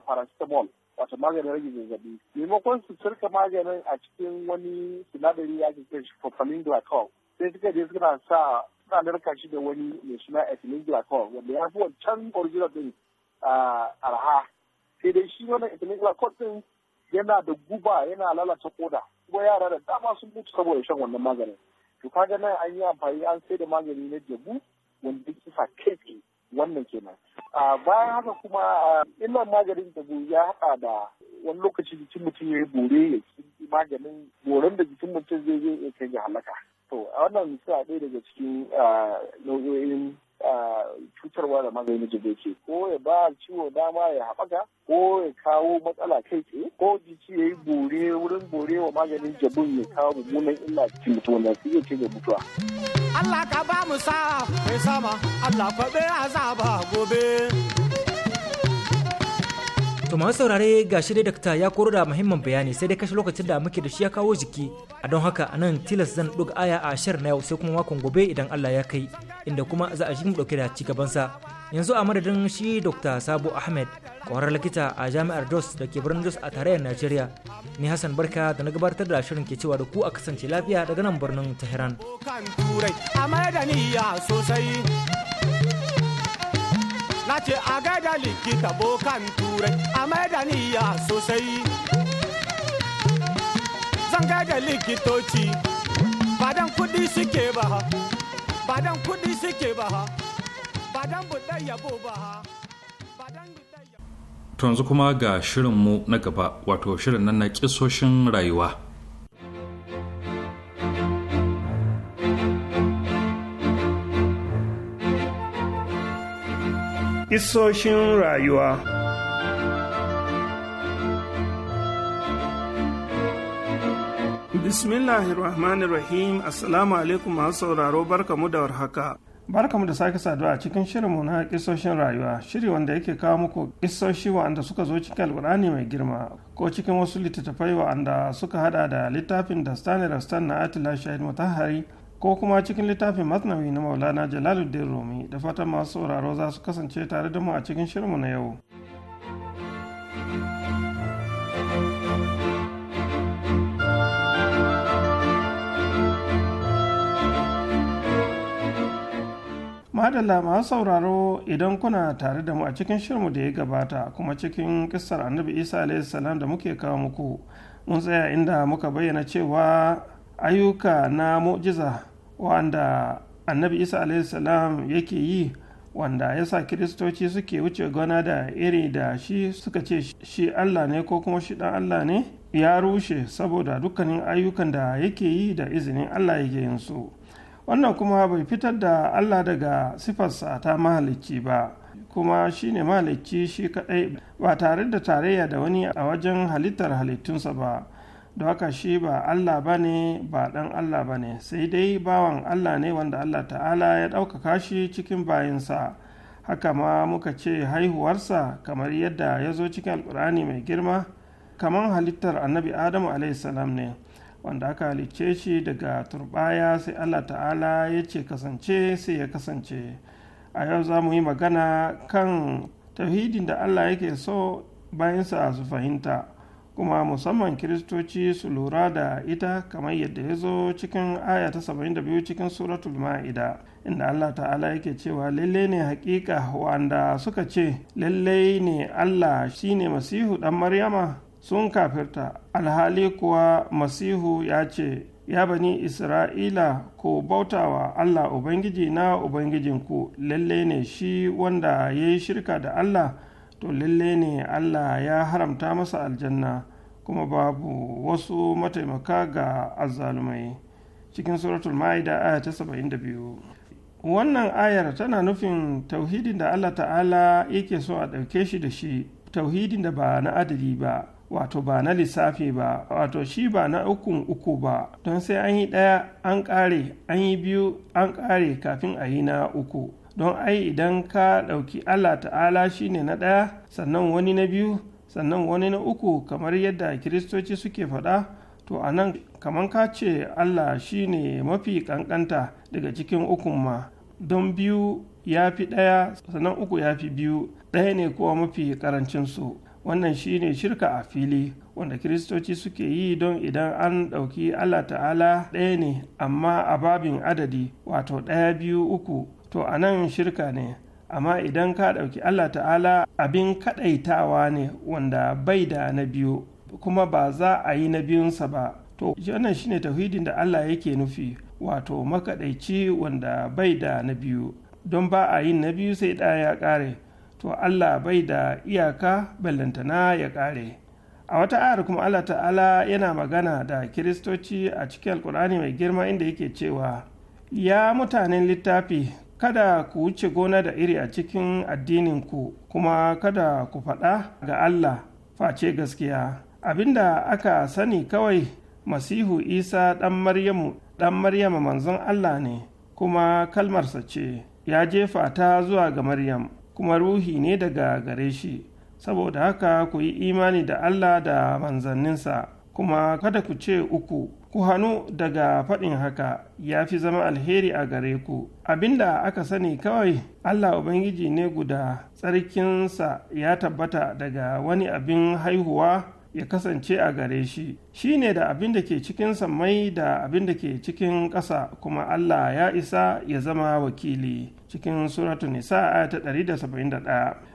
paracetamol wato maganin rage zazzabi maimakon su cirka maganin a cikin wani sinadari ya ke kai shi propylene sai suka je suna sa suna narka shi da wani mai suna ethylene glycol wanda ya fi wancan original din arha sai dai shi wannan ethylene glycol din yana da guba yana lalata koda kuma yara da dama sun mutu saboda shan wannan maganin to kaga nan an yi amfani an sai da magani na jabu wanda yake kai kai wannan kenan bayan haka kuma illan maganin tabo ya haɗa da wani lokaci jikin mutum ya yi bore ya maganin boren da jikin mutum zai zai iya kai ga halaka to a wannan suna ɗaya daga cikin nau'o'in cutarwa da maganin da ke ko ya ba ciwo dama ya haɓaka ko ya kawo matsala kai tsaye ko jiki ya yi bore wurin bore wa maganin jabin ya kawo mummunan illa cikin mutuwa na, su iya ce ga mutuwa. Allah ka ba mu sa mai sama Allah a azaba gobe. To masu saurare ga shi dai dakta ya koro da muhimmin bayani sai dai kashe lokacin da muke da shi ya kawo jiki a don haka a nan tilas zan ɗuga aya a shar na yau sai kuma makon gobe idan Allah ya kai inda kuma za a shi mu ɗauke da ci sa Yanzu a madadin shi Dr. Sabo Ahmed kwarar likita a jami'ar Jos da ke birnin Jos a tarayyar Najeriya. Ni Hassan Barka da na gabatar da shirin ke cewa da ku a kasance lafiya daga nan birnin Tehran. na ce a gaida likita bokan turai a maida niyya sosai zan gaida likitoci badan kudi suke ba ha badan kudi suke ba ha badan budan yabo ba ha to yanzu kuma ga shirinmu na gaba wato shirin nan na kisoshin rayuwa Isoshin rayuwa Bismillahirrahmanirrahim Assalamu alaikum masu sauraro barkamu da warhaka. Barkamu da sake saduwa a cikin shirinmu na kisoshin rayuwa, shiri wanda yake kawo muku kisoshi wa'anda suka zo cikin alburani mai girma ko cikin wasu littattafai wa'anda suka hada da littafin da Stanley Rastan na Atila Shahid Mutahari ko kuma cikin littafin masnawi na maulana jalaluddin rumi da fatan masu sauraro za su kasance tare da mu a cikin shirinmu na yau madalla masu sauraro idan kuna tare da mu a cikin shirmu da ya gabata kuma cikin kissar annabi isa salam da muke kawo muku mun tsaya inda muka bayyana cewa ayyuka na mu'jiza wanda annabi isa salam yake yi wanda ya sa kiristoci suke wuce gona da iri da shi suka ce shi allah ne ko kuma shi dan allah ne ya rushe saboda dukkanin ayyukan da yake yi da izinin allah yake yin su wannan kuma bai fitar da allah daga sifarsa ta mahalicci ba kuma shi ne mahalicci shi kadai ba tare da tarayya da wani a wajen halittar halittunsa ba don haka shi ba Allah ba ne ba ɗan Allah ba ne sai dai bawan Allah ne wanda Allah ta'ala ya ɗaukaka shi cikin bayinsa haka ma muka ce haihuwarsa kamar yadda ya zo cikin alkur'ani mai girma kamar halittar annabi adamu salam ne wanda aka halicce shi daga turbaya sai Allah ta'ala ya ce kasance sai ya kasance a yau za mu yi magana kan tauhidin da Allah yake so bayansa su fahimta kuma musamman kiristoci su lura da ita kamar yadda ya zo cikin aya ta 72 cikin suratul ma'ida inda Allah ta'ala yake cewa lalle ne hakika wanda suka ce lalle ne Allah shine masihu dan maryama sun kafirta alhali kuwa masihu ya ce ya bani isra'ila ko bautawa Allah ubangiji na ubangijinku lalle ne shi wanda ya yi shirka da Allah to lalle ne allah ya haramta masa aljanna kuma babu wasu mataimaka ga azzalumai cikin suratul ma'ida aya ta biyu. wannan ayar tana nufin tauhidin da allah ta'ala yake so a ɗauke shi da shi tauhidin da ba na adali ba wato ba na lissafi ba wato shi ba na ukun uku ba don sai an yi ɗaya an ƙare an yi biyu an ƙare kafin a yi na uku don ai idan ka ɗauki allah ta'ala shi ne na ɗaya sannan wani na biyu sannan wani na uku kamar yadda kiristoci suke faɗa to a nan kamar ka ce allah shi ne mafi ƙanƙanta daga cikin ukun ma don biyu ya fi ɗaya sannan uku ya fi biyu ɗaya ne kuwa mafi ƙarancinsu wannan shi ne shirka a fili wanda kiristoci suke yi don idan an ɗauki allah ta'ala ɗaya ne amma a babin adadi wato ɗaya biyu uku to a nan shirka ne amma idan ka ɗauki allah ta'ala abin kaɗaitawa ne wanda bai da na biyu kuma ba za a yi na biyunsa ba to wannan shine tauhidin da allah yake nufi wato makaɗaici wanda bai da na biyu don ba a yi na biyu sai ɗaya ya ƙare to allah bai da iyaka ballantana ya ƙare a wata ayar kuma allah ta'ala yana magana da kiristoci a cikin alkur'ani mai girma inda yake cewa ya mutanen littafi kada ku wuce gona da iri a cikin addininku kuma kada ku faɗa ga Allah face gaskiya abinda aka sani kawai masihu isa ɗan maryamu ɗan maryama manzon Allah ne kuma kalmarsa ce ya jefa ta zuwa ga maryam kuma ruhi ne daga gare shi saboda haka ku yi imani da Allah da manzanninsa kuma kada ku ce uku ku hannu daga faɗin haka ya fi zama alheri a gare ku abinda aka sani kawai allah ubangiji ne guda tsarkinsa ya tabbata daga wani abin haihuwa ya kasance a gare shi shi ne da abin da ke cikin sammai da abin da ke cikin ƙasa kuma allah ya isa ya zama wakili cikin suratu nisa ta 171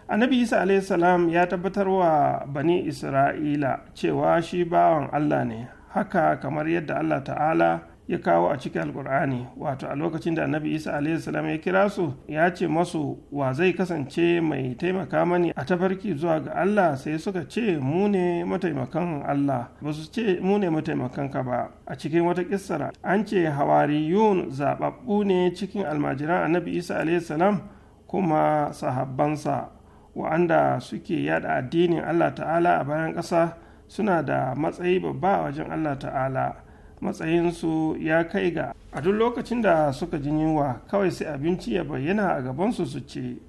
annabi isa alaihissalam ya tabbatar wa bani isra'ila cewa shi bawan allah ne haka kamar yadda Allah ta'ala ya kawo a cikin alkur'ani wato a lokacin da annabi isa salam ya kira su ya ce masu wa zai kasance mai taimaka mani a tafarki zuwa ga allah sai suka ce mu ne mataimakan allah ba su ce mu ne mataimakan ka ba a cikin wata kissara an ce hawariyun zababbu ne cikin almajiran annabi isa salam kuma sahabbansa wa'anda suke yada addinin allah ta'ala a bayan ƙasa suna da matsayi babba wajen allah ta'ala matsayinsu ya kai ga a duk lokacin da suka jin yunwa kawai sai abinci ya bayyana a gabansu su ce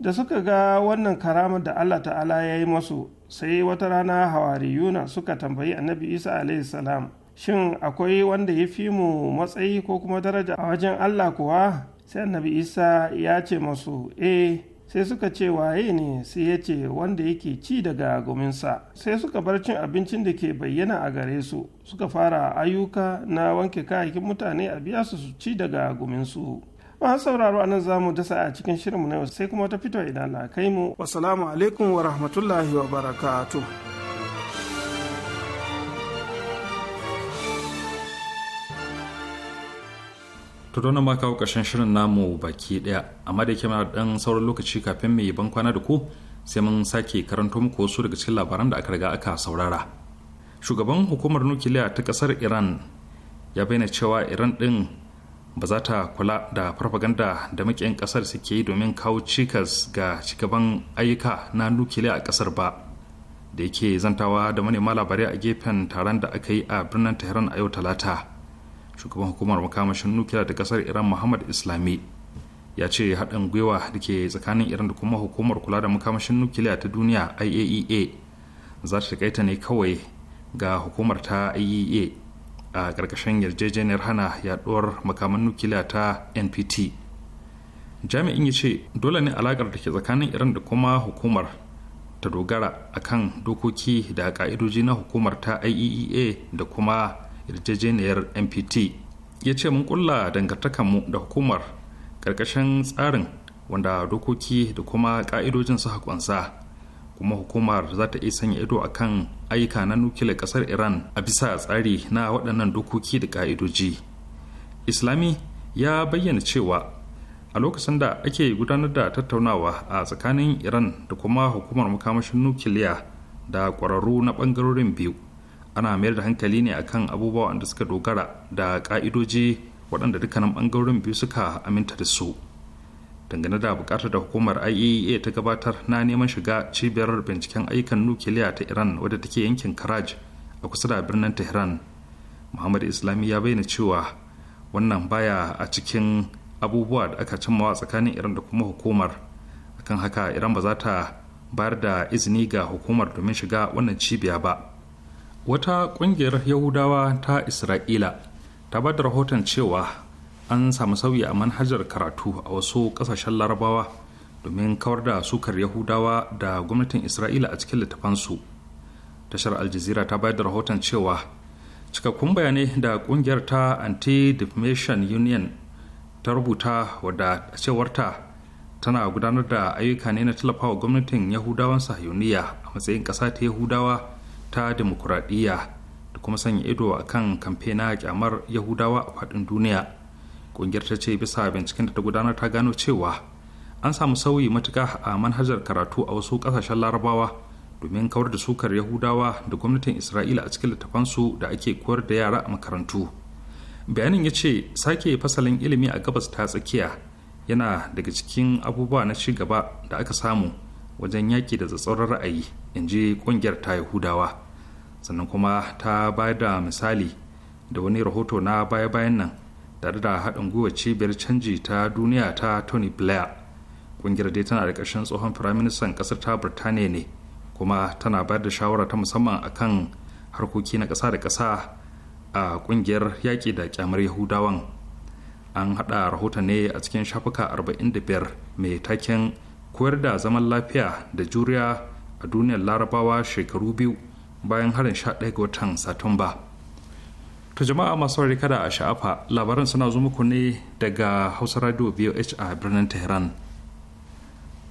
da suka ga wannan karamar da allah ta'ala ya yi masu sai wata rana hawariyuna suka tambayi annabi isa alaihi salam shin akwai wanda ya fi mu matsayi ko kuma daraja a wajen allah kuwa sai annabi isa ya ce masu eh sai suka ce waye ne sai ya ce wanda yake ci daga gominsa sai suka bar cin abincin da ke bayyana a gare su suka fara ayyuka na wanke kayayyakin mutane a biya su ci daga gominsu masu sauraro anan za mu dasa a cikin shirinmu na yau sai kuma ta fito idan na kai mu wasalamu alaikum wa rahmatullahi wa barakatuh to don ma kawo ƙarshen shirin namu baki ɗaya amma da yake mana ɗan sauran lokaci kafin mai ban kwana da ku sai mun sake karanto muku wasu daga cikin labaran da aka riga aka saurara shugaban hukumar nukiliya ta ƙasar iran ya bayyana cewa iran ɗin ba za ta kula da farfaganda da makiyan ƙasar suke yi domin kawo cikas ga cigaban ayyuka na nukiliya a ƙasar ba da yake zantawa da manema labarai a gefen taron da aka yi a birnin tehran a yau talata shugaban hukumar makamashin nukiliya da kasar iran muhammad islami ya ce haɗin gwiwa da ke tsakanin iran da kuma hukumar kula da makamashin nukiliya ta duniya iaea e za ta kaita ne kawai ga hukumar ta iaea e a ƙarƙashin yarjejeniyar hana yaɗuwar makaman nukiliya ta npt jami'in ya ce dole ne alaƙar da ke tsakanin iran da kuma hukumar ta dogara akan dokoki da ƙa'idoji na hukumar ta iaea e da kuma yarjejeniyar mpt ya ce mun kulla dangantakanmu da hukumar ƙarƙashin tsarin wanda dokoki da kuma ƙa'idojin su haƙonsa kuma hukumar za ta iya sanya ido a kan ayyuka na nukiliyar ƙasar iran a bisa tsari na waɗannan dokoki da ƙa'idoji islami ya bayyana cewa a lokacin da ake gudanar da tattaunawa a tsakanin iran da kuma hukumar makamashin nukiliya da ƙwararru na ɓangarorin biyu ana mayar da hankali ne akan abubuwan da suka dogara da ka'idoji waɗanda dukkanin ɓangarorin biyu suka aminta da su dangane da buƙatar da hukumar iaea e ta gabatar na neman shiga cibiyar binciken ayyukan nukiliya ta iran wadda take yankin karaj a kusa da birnin tehran muhammad islami ya bayyana cewa wannan baya a cikin abubuwa da aka cimmawa tsakanin iran da kuma hukumar akan haka iran ba za ta bayar da izini ga hukumar domin shiga wannan cibiya ba wata ƙungiyar yahudawa ta isra'ila ta ba da rahoton cewa an samu sauyi a manhajar karatu a wasu ƙasashen larabawa domin kawar da sukar yahudawa da gwamnatin isra'ila a cikin littafansu tashar aljazira ta bayar da rahoton cewa cikakkun bayanai da ƙungiyar ta anti-defamation union ta rubuta wadda a cewarta tana gudanar da ayyuka ne na tallafawa gwamnatin yahudawan sahiyoniya a matsayin ƙasa ta yahudawa ta demokuraɗiyya da kuma sanya ido a kan kamfe na kyamar yahudawa a faɗin duniya ƙungiyar ta ce bisa binciken da ta gudanar ta gano cewa an samu sauyi matuka a manhajar karatu a wasu ƙasashen larabawa domin kawar da sukar yahudawa da gwamnatin isra'ila a cikin littafansu da ake koyar da yara a makarantu bayanin ya ce sake fasalin ilimi a gabas ta tsakiya yana daga cikin abubuwa na ci gaba da aka samu wajen yaƙi da tsatsauran ra'ayi in ji ƙungiyar ta yahudawa sannan kuma ta ba da misali da wani rahoto na baya-bayan nan tare da haɗin gwiwa cibiyar canji ta duniya ta tony blair ƙungiyar dai tana da ƙarshen tsohon firaministan ƙasar ta birtaniya ne kuma tana bayar da shawara ta musamman a kan harkoki na ƙasa da ƙasa a ƙungiyar yaƙi da ƙyamar yahudawan an haɗa rahoto ne a cikin shafuka biyar mai taken koyar da zaman lafiya da juriya a duniyar larabawa shekaru biyu bayan harin 11 ga watan satumba to jama'a masu kada a sha'afa labaran suna zo muku ne daga hausa radio voh a birnin tehran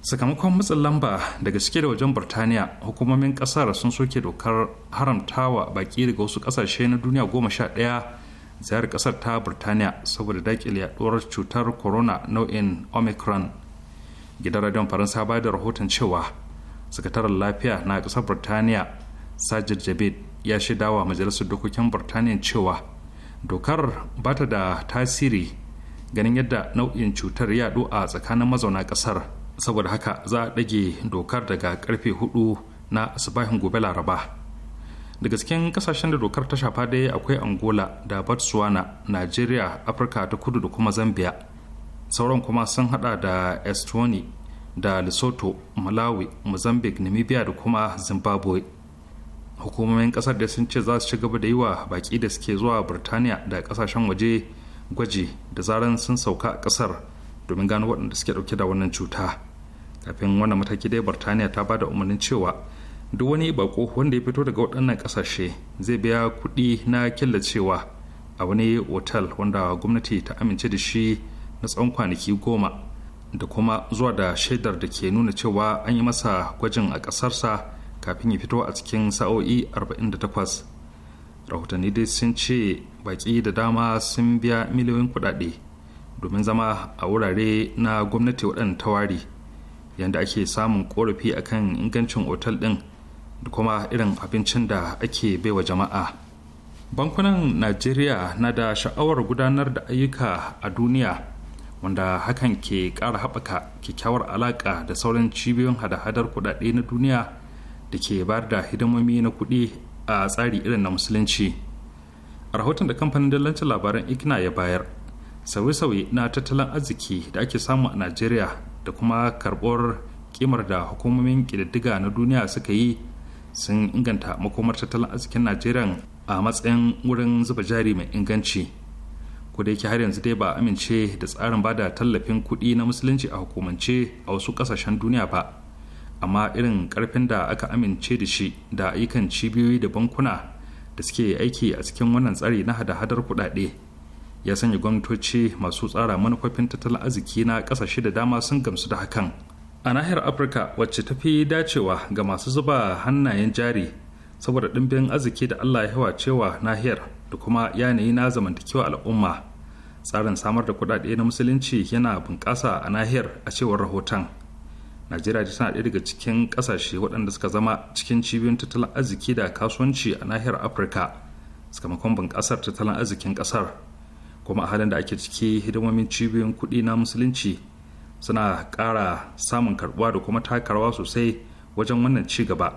sakamakon matsin lamba daga cike da wajen birtaniya hukumomin kasar sun soke dokar haramtawa baki daga wasu kasashe na duniya goma sha ɗaya ziyarar kasar ta birtaniya saboda dakile yaduwar cutar corona nau'in omicron gidan radion faransa ba da rahoton cewa sakataren lafiya na kasar birtaniya. sajid javid ya shaida wa majalisar dokokin burtaniya cewa dokar ba ta da tasiri ganin yadda nau'in cutar ya yaɗu a tsakanin mazauna kasar saboda haka za a ɗage dokar daga karfe hudu na asibahin gobe laraba daga cikin kasashen da dokar ta shafa dai akwai angola da botswana nigeria afirka ta kudu da kuma zambia sauran kuma sun hada da estonia da lesotho malawi mozambique namibia da kuma zimbabwe hukumomin kasar da sun ce za su ci gaba da yi wa baki da suke zuwa birtaniya da kasashen waje gwaji da zaran sun sauka a kasar domin gano waɗanda suke ɗauke da wannan cuta kafin wannan mataki dai birtaniya ta ba da umarnin cewa duk wani bako wanda ya fito daga waɗannan ƙasashe zai biya kuɗi na killacewa a wani otal wanda gwamnati ta amince da shi na tsawon kwanaki goma da kuma zuwa da shaidar da ke nuna cewa an yi masa gwajin a ƙasarsa kafin ya fito a cikin sa'o'i 48 rahotanni dai sun ce baki da dama sun biya miliyoyin kudade domin zama a wurare na gwamnati waɗanda ta ware yadda ake samun korafi akan ingancin otal ɗin da kuma irin abincin da ake baiwa jama'a bankunan najeriya na da sha'awar gudanar da ayyuka a duniya wanda hakan ke ƙara haɓaka kyakkyawar alaƙa da sauran cibiyoyin hada-hadar kuɗaɗe na duniya da ke bayar da hidimomi na kuɗi a tsari irin na musulunci a rahoton da kamfanin dalilancin labaran ikna ya bayar sauye-sauye na tattalin arziki da ake samu a najeriya da kuma karɓar kimar da hukumomin ƙididdiga na duniya suka yi sun inganta makomar tattalin arzikin najeriya a matsayin wurin zuba jari mai inganci ko da yake har yanzu dai ba amince da tsarin bada tallafin kuɗi na musulunci a hukumance a wasu ƙasashen duniya ba amma irin karfin da aka amince da shi da ayyukan cibiyoyi da bankuna da suke aiki a cikin wannan tsari na hada-hadar kuɗaɗe ya sanya gwamnatoci masu tsara manufofin tattalin arziki na ƙasashe da dama sun gamsu da hakan a nahiyar afirka wacce ta fi dacewa ga masu zuba hannayen jari saboda ɗimbin arziki da allah ya cewa nahiyar da kuma yanayi na zamantakewa al'umma tsarin samar da kuɗaɗe na musulunci yana bunƙasa a nahiyar a cewar rahoton najeriya tana ɗaya daga cikin ƙasashe waɗanda suka zama cikin cibiyoyin tattalin arziki da kasuwanci a nahiyar afirka sakamakon bunƙasar tattalin arzikin ƙasar kuma a halin da ake ciki hidimomin cibiyoyin kuɗi na musulunci suna ƙara samun karɓuwa da kuma takarwa sosai wajen wannan ci gaba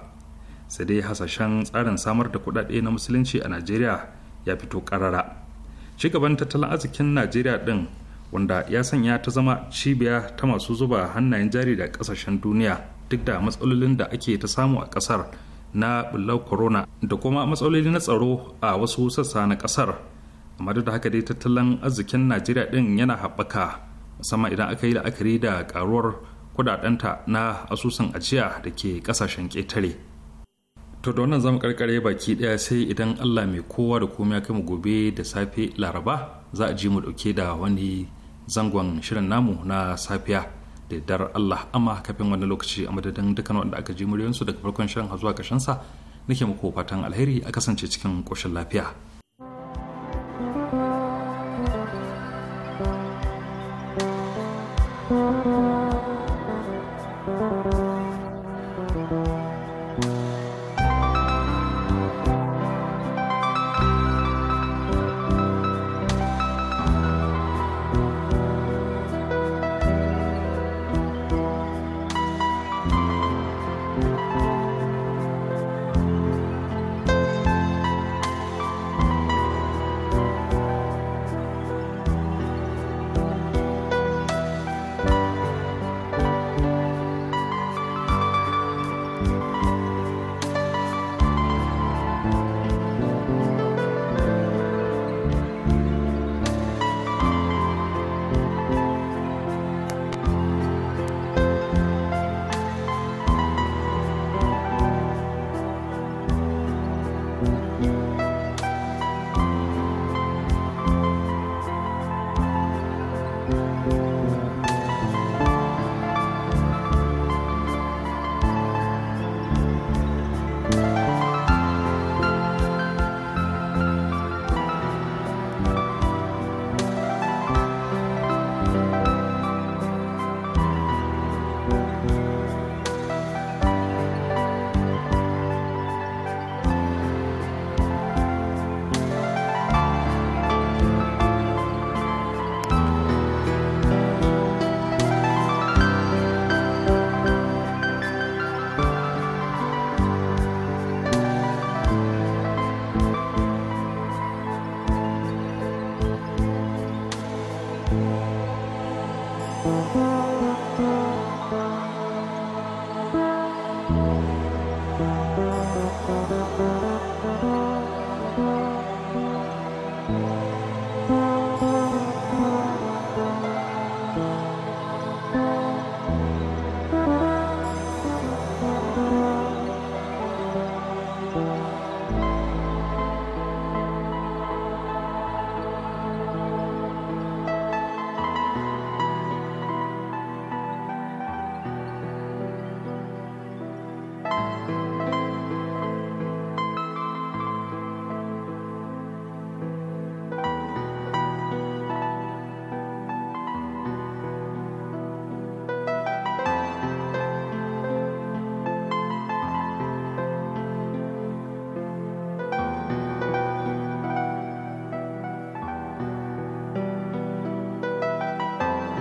sai dai hasashen tsarin samar da kuɗaɗe na musulunci a najeriya ya fito ƙarara ci gaban tattalin arzikin najeriya ɗin wanda ya sanya ta zama cibiya ta masu zuba hannayen jari da kasashen duniya duk da matsalolin da ake ta samu a kasar na bullar corona da kuma matsaloli na tsaro a wasu sassa na kasar amma duk da haka dai tattalin arzikin najeriya din yana haɓaka musamman idan aka yi la'akari da karuwar kudadenta na asusun ajiya da ke kasashen ketare to da wannan zamu karkare baki daya sai idan allah mai kowa da komai ya kai mu gobe da safe laraba za a ji mu dauke da wani zangon shirin namu na safiya da dar Allah amma kafin wani lokaci a madadin dukkan wanda aka ji muryoyinsu daga farkon shirin zuwa ƙarshen sa nake muku fatan alheri a kasance cikin ƙoshin lafiya.